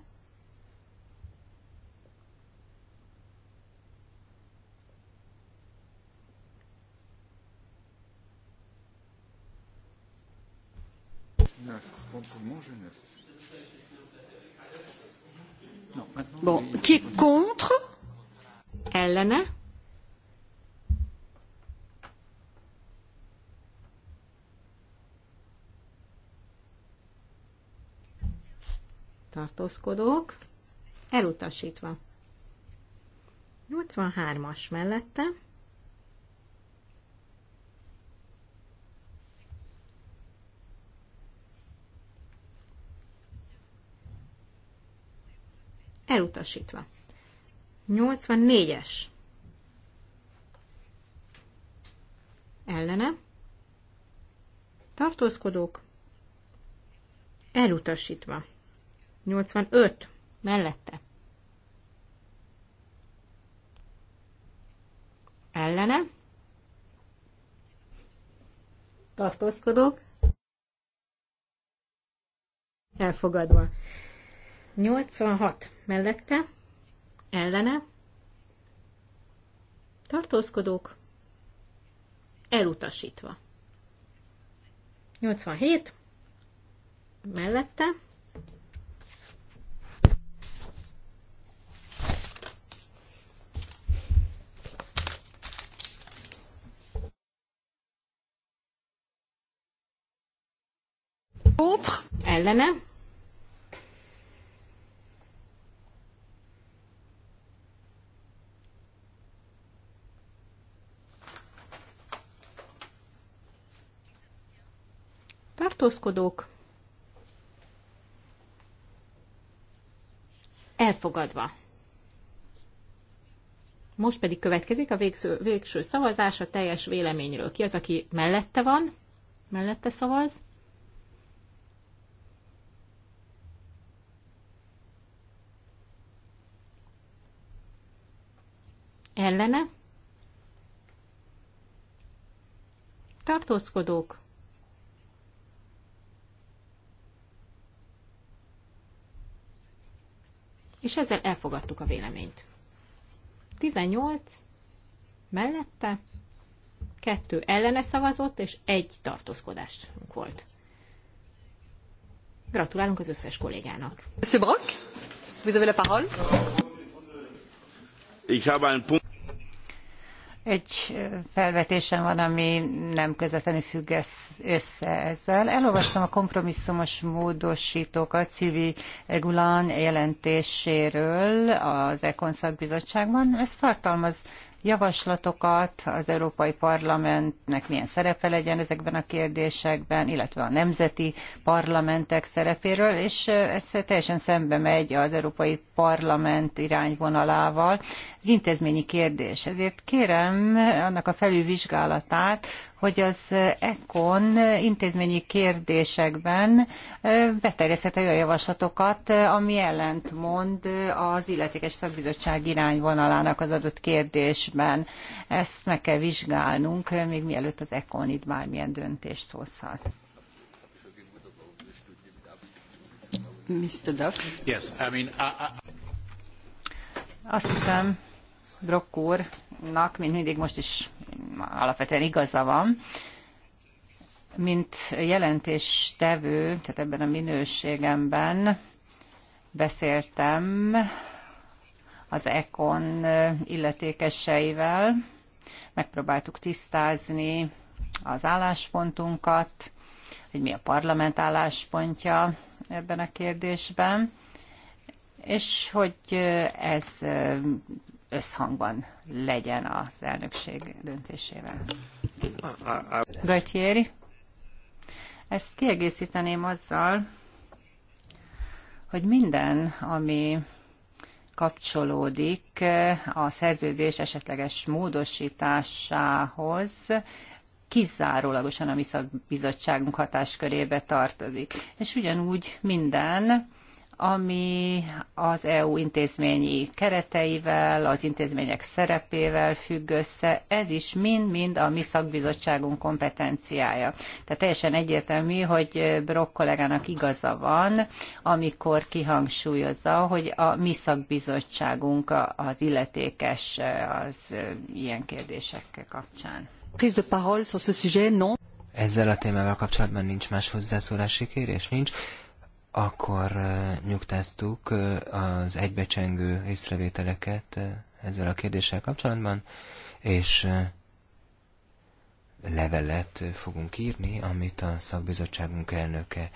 Bon, qui est contre Ellene tartózkodók, elutasítva. 83-as mellette, elutasítva. 84-es. Ellene. Tartózkodók. Elutasítva. 85 mellette. Ellene. Tartózkodok. Elfogadva. 86 mellette. Ellene. Tartózkodók. Elutasítva. 87 mellette ellene. Tartózkodók. Elfogadva. Most pedig következik a végső, végső szavazás a teljes véleményről. Ki az, aki mellette van, mellette szavaz? ellene, tartózkodók, és ezzel elfogadtuk a véleményt. 18 mellette, kettő ellene szavazott, és egy tartózkodás volt. Gratulálunk az összes kollégának. Monsieur Brock, vous avez la parole. Ich habe einen Punkt. Egy felvetésem van, ami nem közvetlenül függ össze ezzel. Elolvastam a kompromisszumos módosítókat Szilvi Gulán jelentéséről az Ekonszak bizottságban. Ez tartalmaz javaslatokat, az Európai Parlamentnek milyen szerepe legyen ezekben a kérdésekben, illetve a nemzeti parlamentek szerepéről, és ez teljesen szembe megy az Európai Parlament irányvonalával. Ez intézményi kérdés. Ezért kérem annak a felülvizsgálatát, hogy az ECON intézményi kérdésekben beterjeszthet olyan javaslatokat, ami ellentmond az illetékes szakbizottság irányvonalának az adott kérdésben. Ezt meg kell vizsgálnunk, még mielőtt az ECON itt bármilyen döntést hozhat. Mr. Duff? Yes, I mean, I, I... Azt hiszem, Brock úrnak, mint mindig most is alapvetően igaza van. Mint jelentéstevő, tehát ebben a minőségemben beszéltem az ECON illetékeseivel, megpróbáltuk tisztázni az álláspontunkat, hogy mi a parlament álláspontja ebben a kérdésben, és hogy ez összhangban legyen az elnökség döntésével. Gajtieri? Ezt kiegészíteném azzal, hogy minden, ami kapcsolódik a szerződés esetleges módosításához, kizárólagosan a mi bizottságunk hatáskörébe tartozik. És ugyanúgy minden, ami az EU intézményi kereteivel, az intézmények szerepével függ össze. Ez is mind-mind a mi szakbizottságunk kompetenciája. Tehát teljesen egyértelmű, hogy Brock kollégának igaza van, amikor kihangsúlyozza, hogy a mi szakbizottságunk az illetékes az ilyen kérdésekkel kapcsán. Prise de parole sur ce sujet, non? Ezzel a témával kapcsolatban nincs más hozzászólási kérés, nincs akkor nyugtáztuk az egybecsengő észrevételeket ezzel a kérdéssel kapcsolatban, és levelet fogunk írni, amit a szakbizottságunk elnöke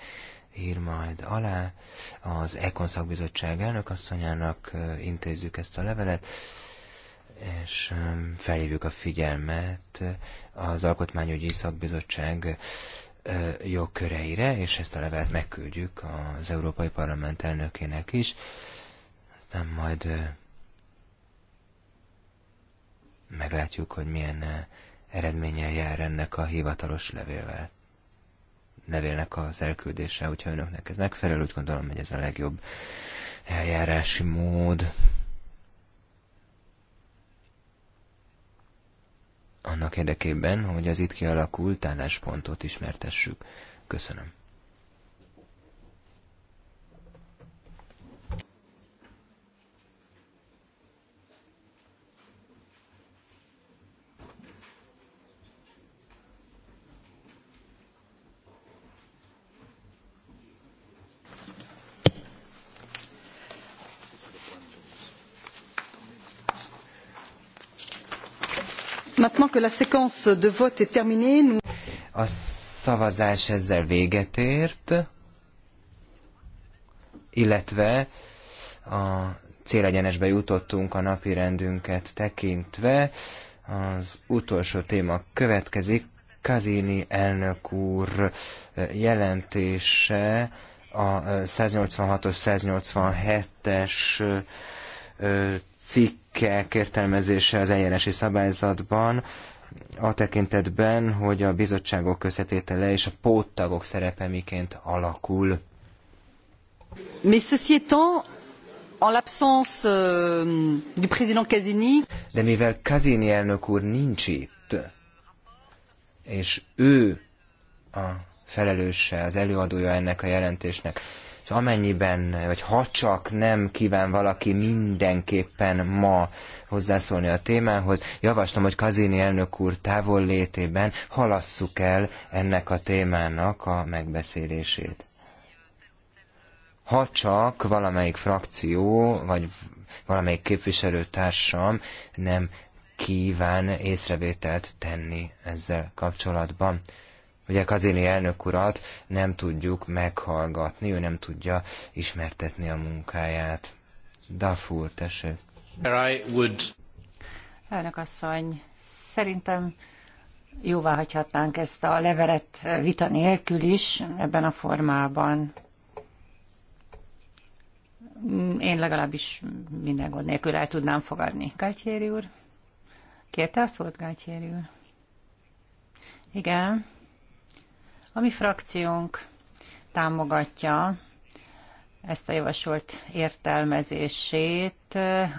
ír majd alá. Az Ekon szakbizottság elnökasszonyának intézzük ezt a levelet, és felhívjuk a figyelmet az Alkotmányügyi Szakbizottság jogköreire, és ezt a levelet megküldjük az Európai Parlament elnökének is. Aztán majd meglátjuk, hogy milyen eredménnyel jár ennek a hivatalos levélvel levélnek az elküldése, hogyha önöknek ez megfelel, úgy gondolom, hogy ez a legjobb eljárási mód. annak érdekében, hogy az itt kialakult álláspontot ismertessük. Köszönöm. Maintenant que la séquence de vote est terminée, nous... A szavazás ezzel véget ért, illetve a célegyenesbe jutottunk a napi rendünket tekintve. Az utolsó téma következik, Kazini elnök úr e, jelentése a 186-os, e, 187-es cikkek értelmezése az eljárási szabályzatban a tekintetben, hogy a bizottságok összetétele és a póttagok szerepe miként alakul. Mais ceci étant, en l'absence euh, du président Casini... De mivel Casini elnök úr nincs itt, és ő a felelőse, az előadója ennek a jelentésnek, és amennyiben, vagy ha csak nem kíván valaki mindenképpen ma hozzászólni a témához, javaslom, hogy Kazini elnök úr távol létében halasszuk el ennek a témának a megbeszélését. Ha csak valamelyik frakció, vagy valamelyik képviselőtársam nem kíván észrevételt tenni ezzel kapcsolatban ugye Kazini elnök urat nem tudjuk meghallgatni, ő nem tudja ismertetni a munkáját. Dafur, tessék. Elnök asszony, szerintem jóvá hagyhatnánk ezt a levelet vita nélkül is ebben a formában. Én legalábbis minden gond nélkül el tudnám fogadni. Gátyéri úr? Kérte a szót, Gátyéri úr? Igen. A mi frakciónk támogatja ezt a javasolt értelmezését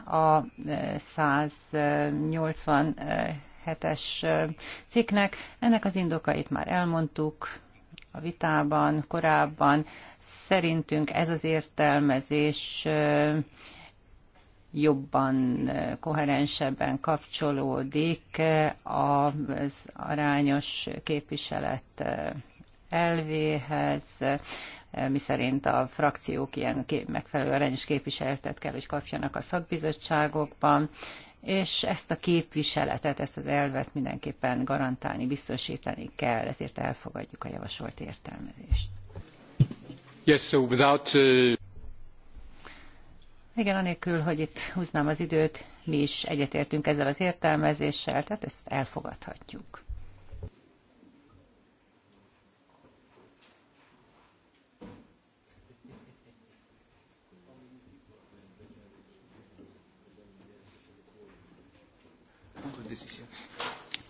a 187-es eh, eh, cikknek. Ennek az indokait már elmondtuk a vitában, korábban. Szerintünk ez az értelmezés eh, jobban, koherensebben kapcsolódik az arányos képviselet elvéhez, eh, miszerint a frakciók ilyen kép, megfelelő arányos képviseletet kell, hogy kapjanak a szakbizottságokban, és ezt a képviseletet, ezt az elvet mindenképpen garantálni, biztosítani kell, ezért elfogadjuk a javasolt értelmezést. Yes, so without, uh... Igen, anélkül, hogy itt húznám az időt, mi is egyetértünk ezzel az értelmezéssel, tehát ezt elfogadhatjuk.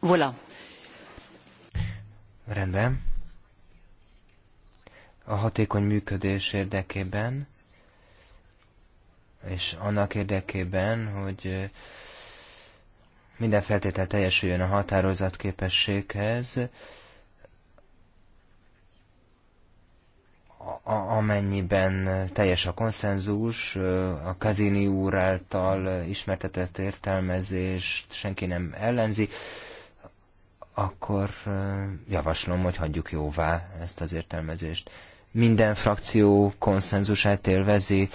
Voilà. Rendben. A hatékony működés érdekében, és annak érdekében, hogy minden feltétel teljesüljön a határozat képességhez, amennyiben teljes a konszenzus, a Kazini úr által ismertetett értelmezést senki nem ellenzi, akkor javaslom, hogy hagyjuk jóvá ezt az értelmezést. Minden frakció konszenzusát élvezi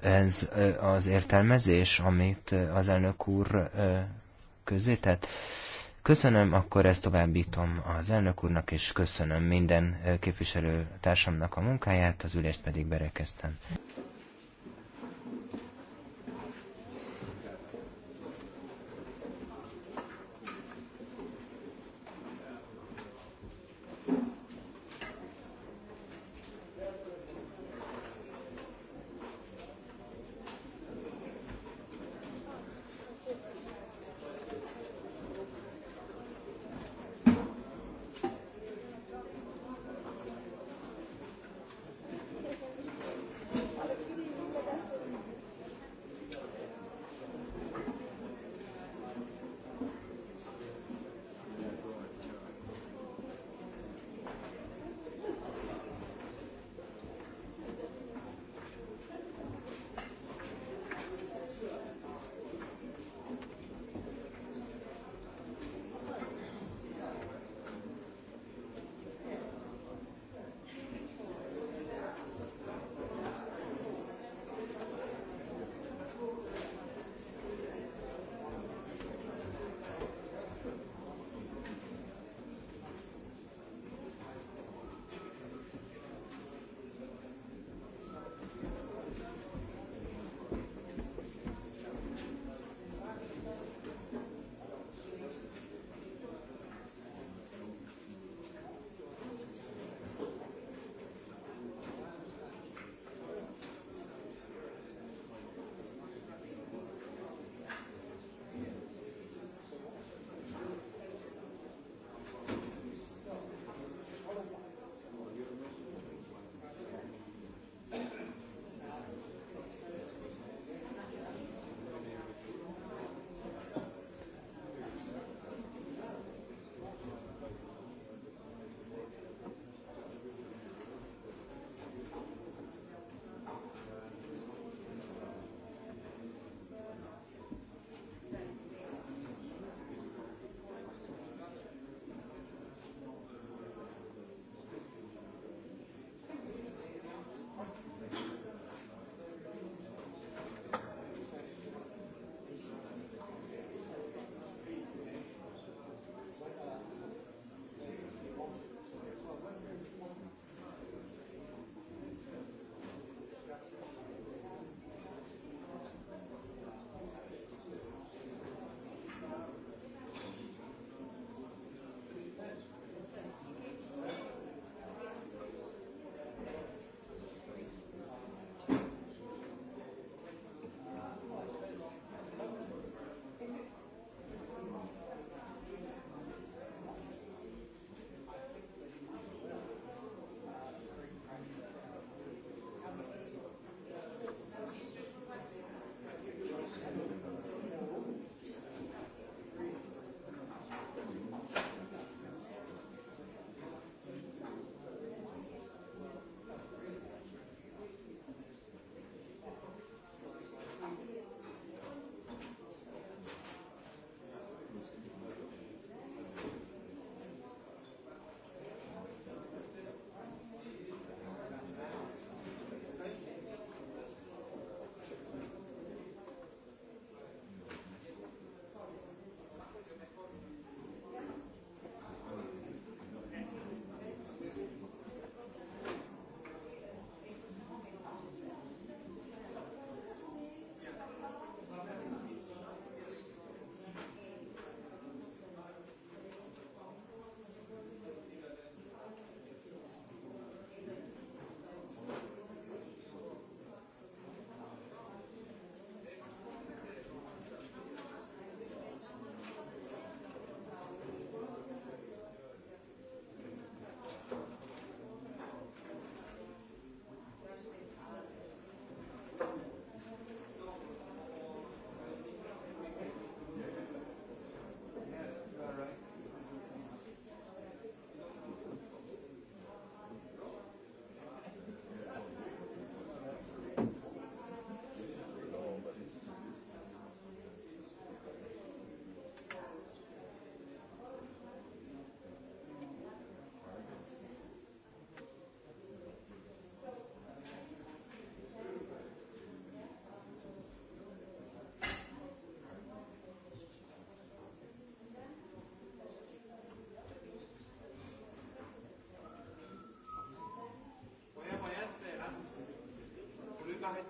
ez az értelmezés, amit az elnök úr közé tett. Köszönöm, akkor ezt továbbítom az elnök úrnak, és köszönöm minden képviselőtársamnak a munkáját, az ülést pedig berekeztem.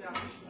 להרגיש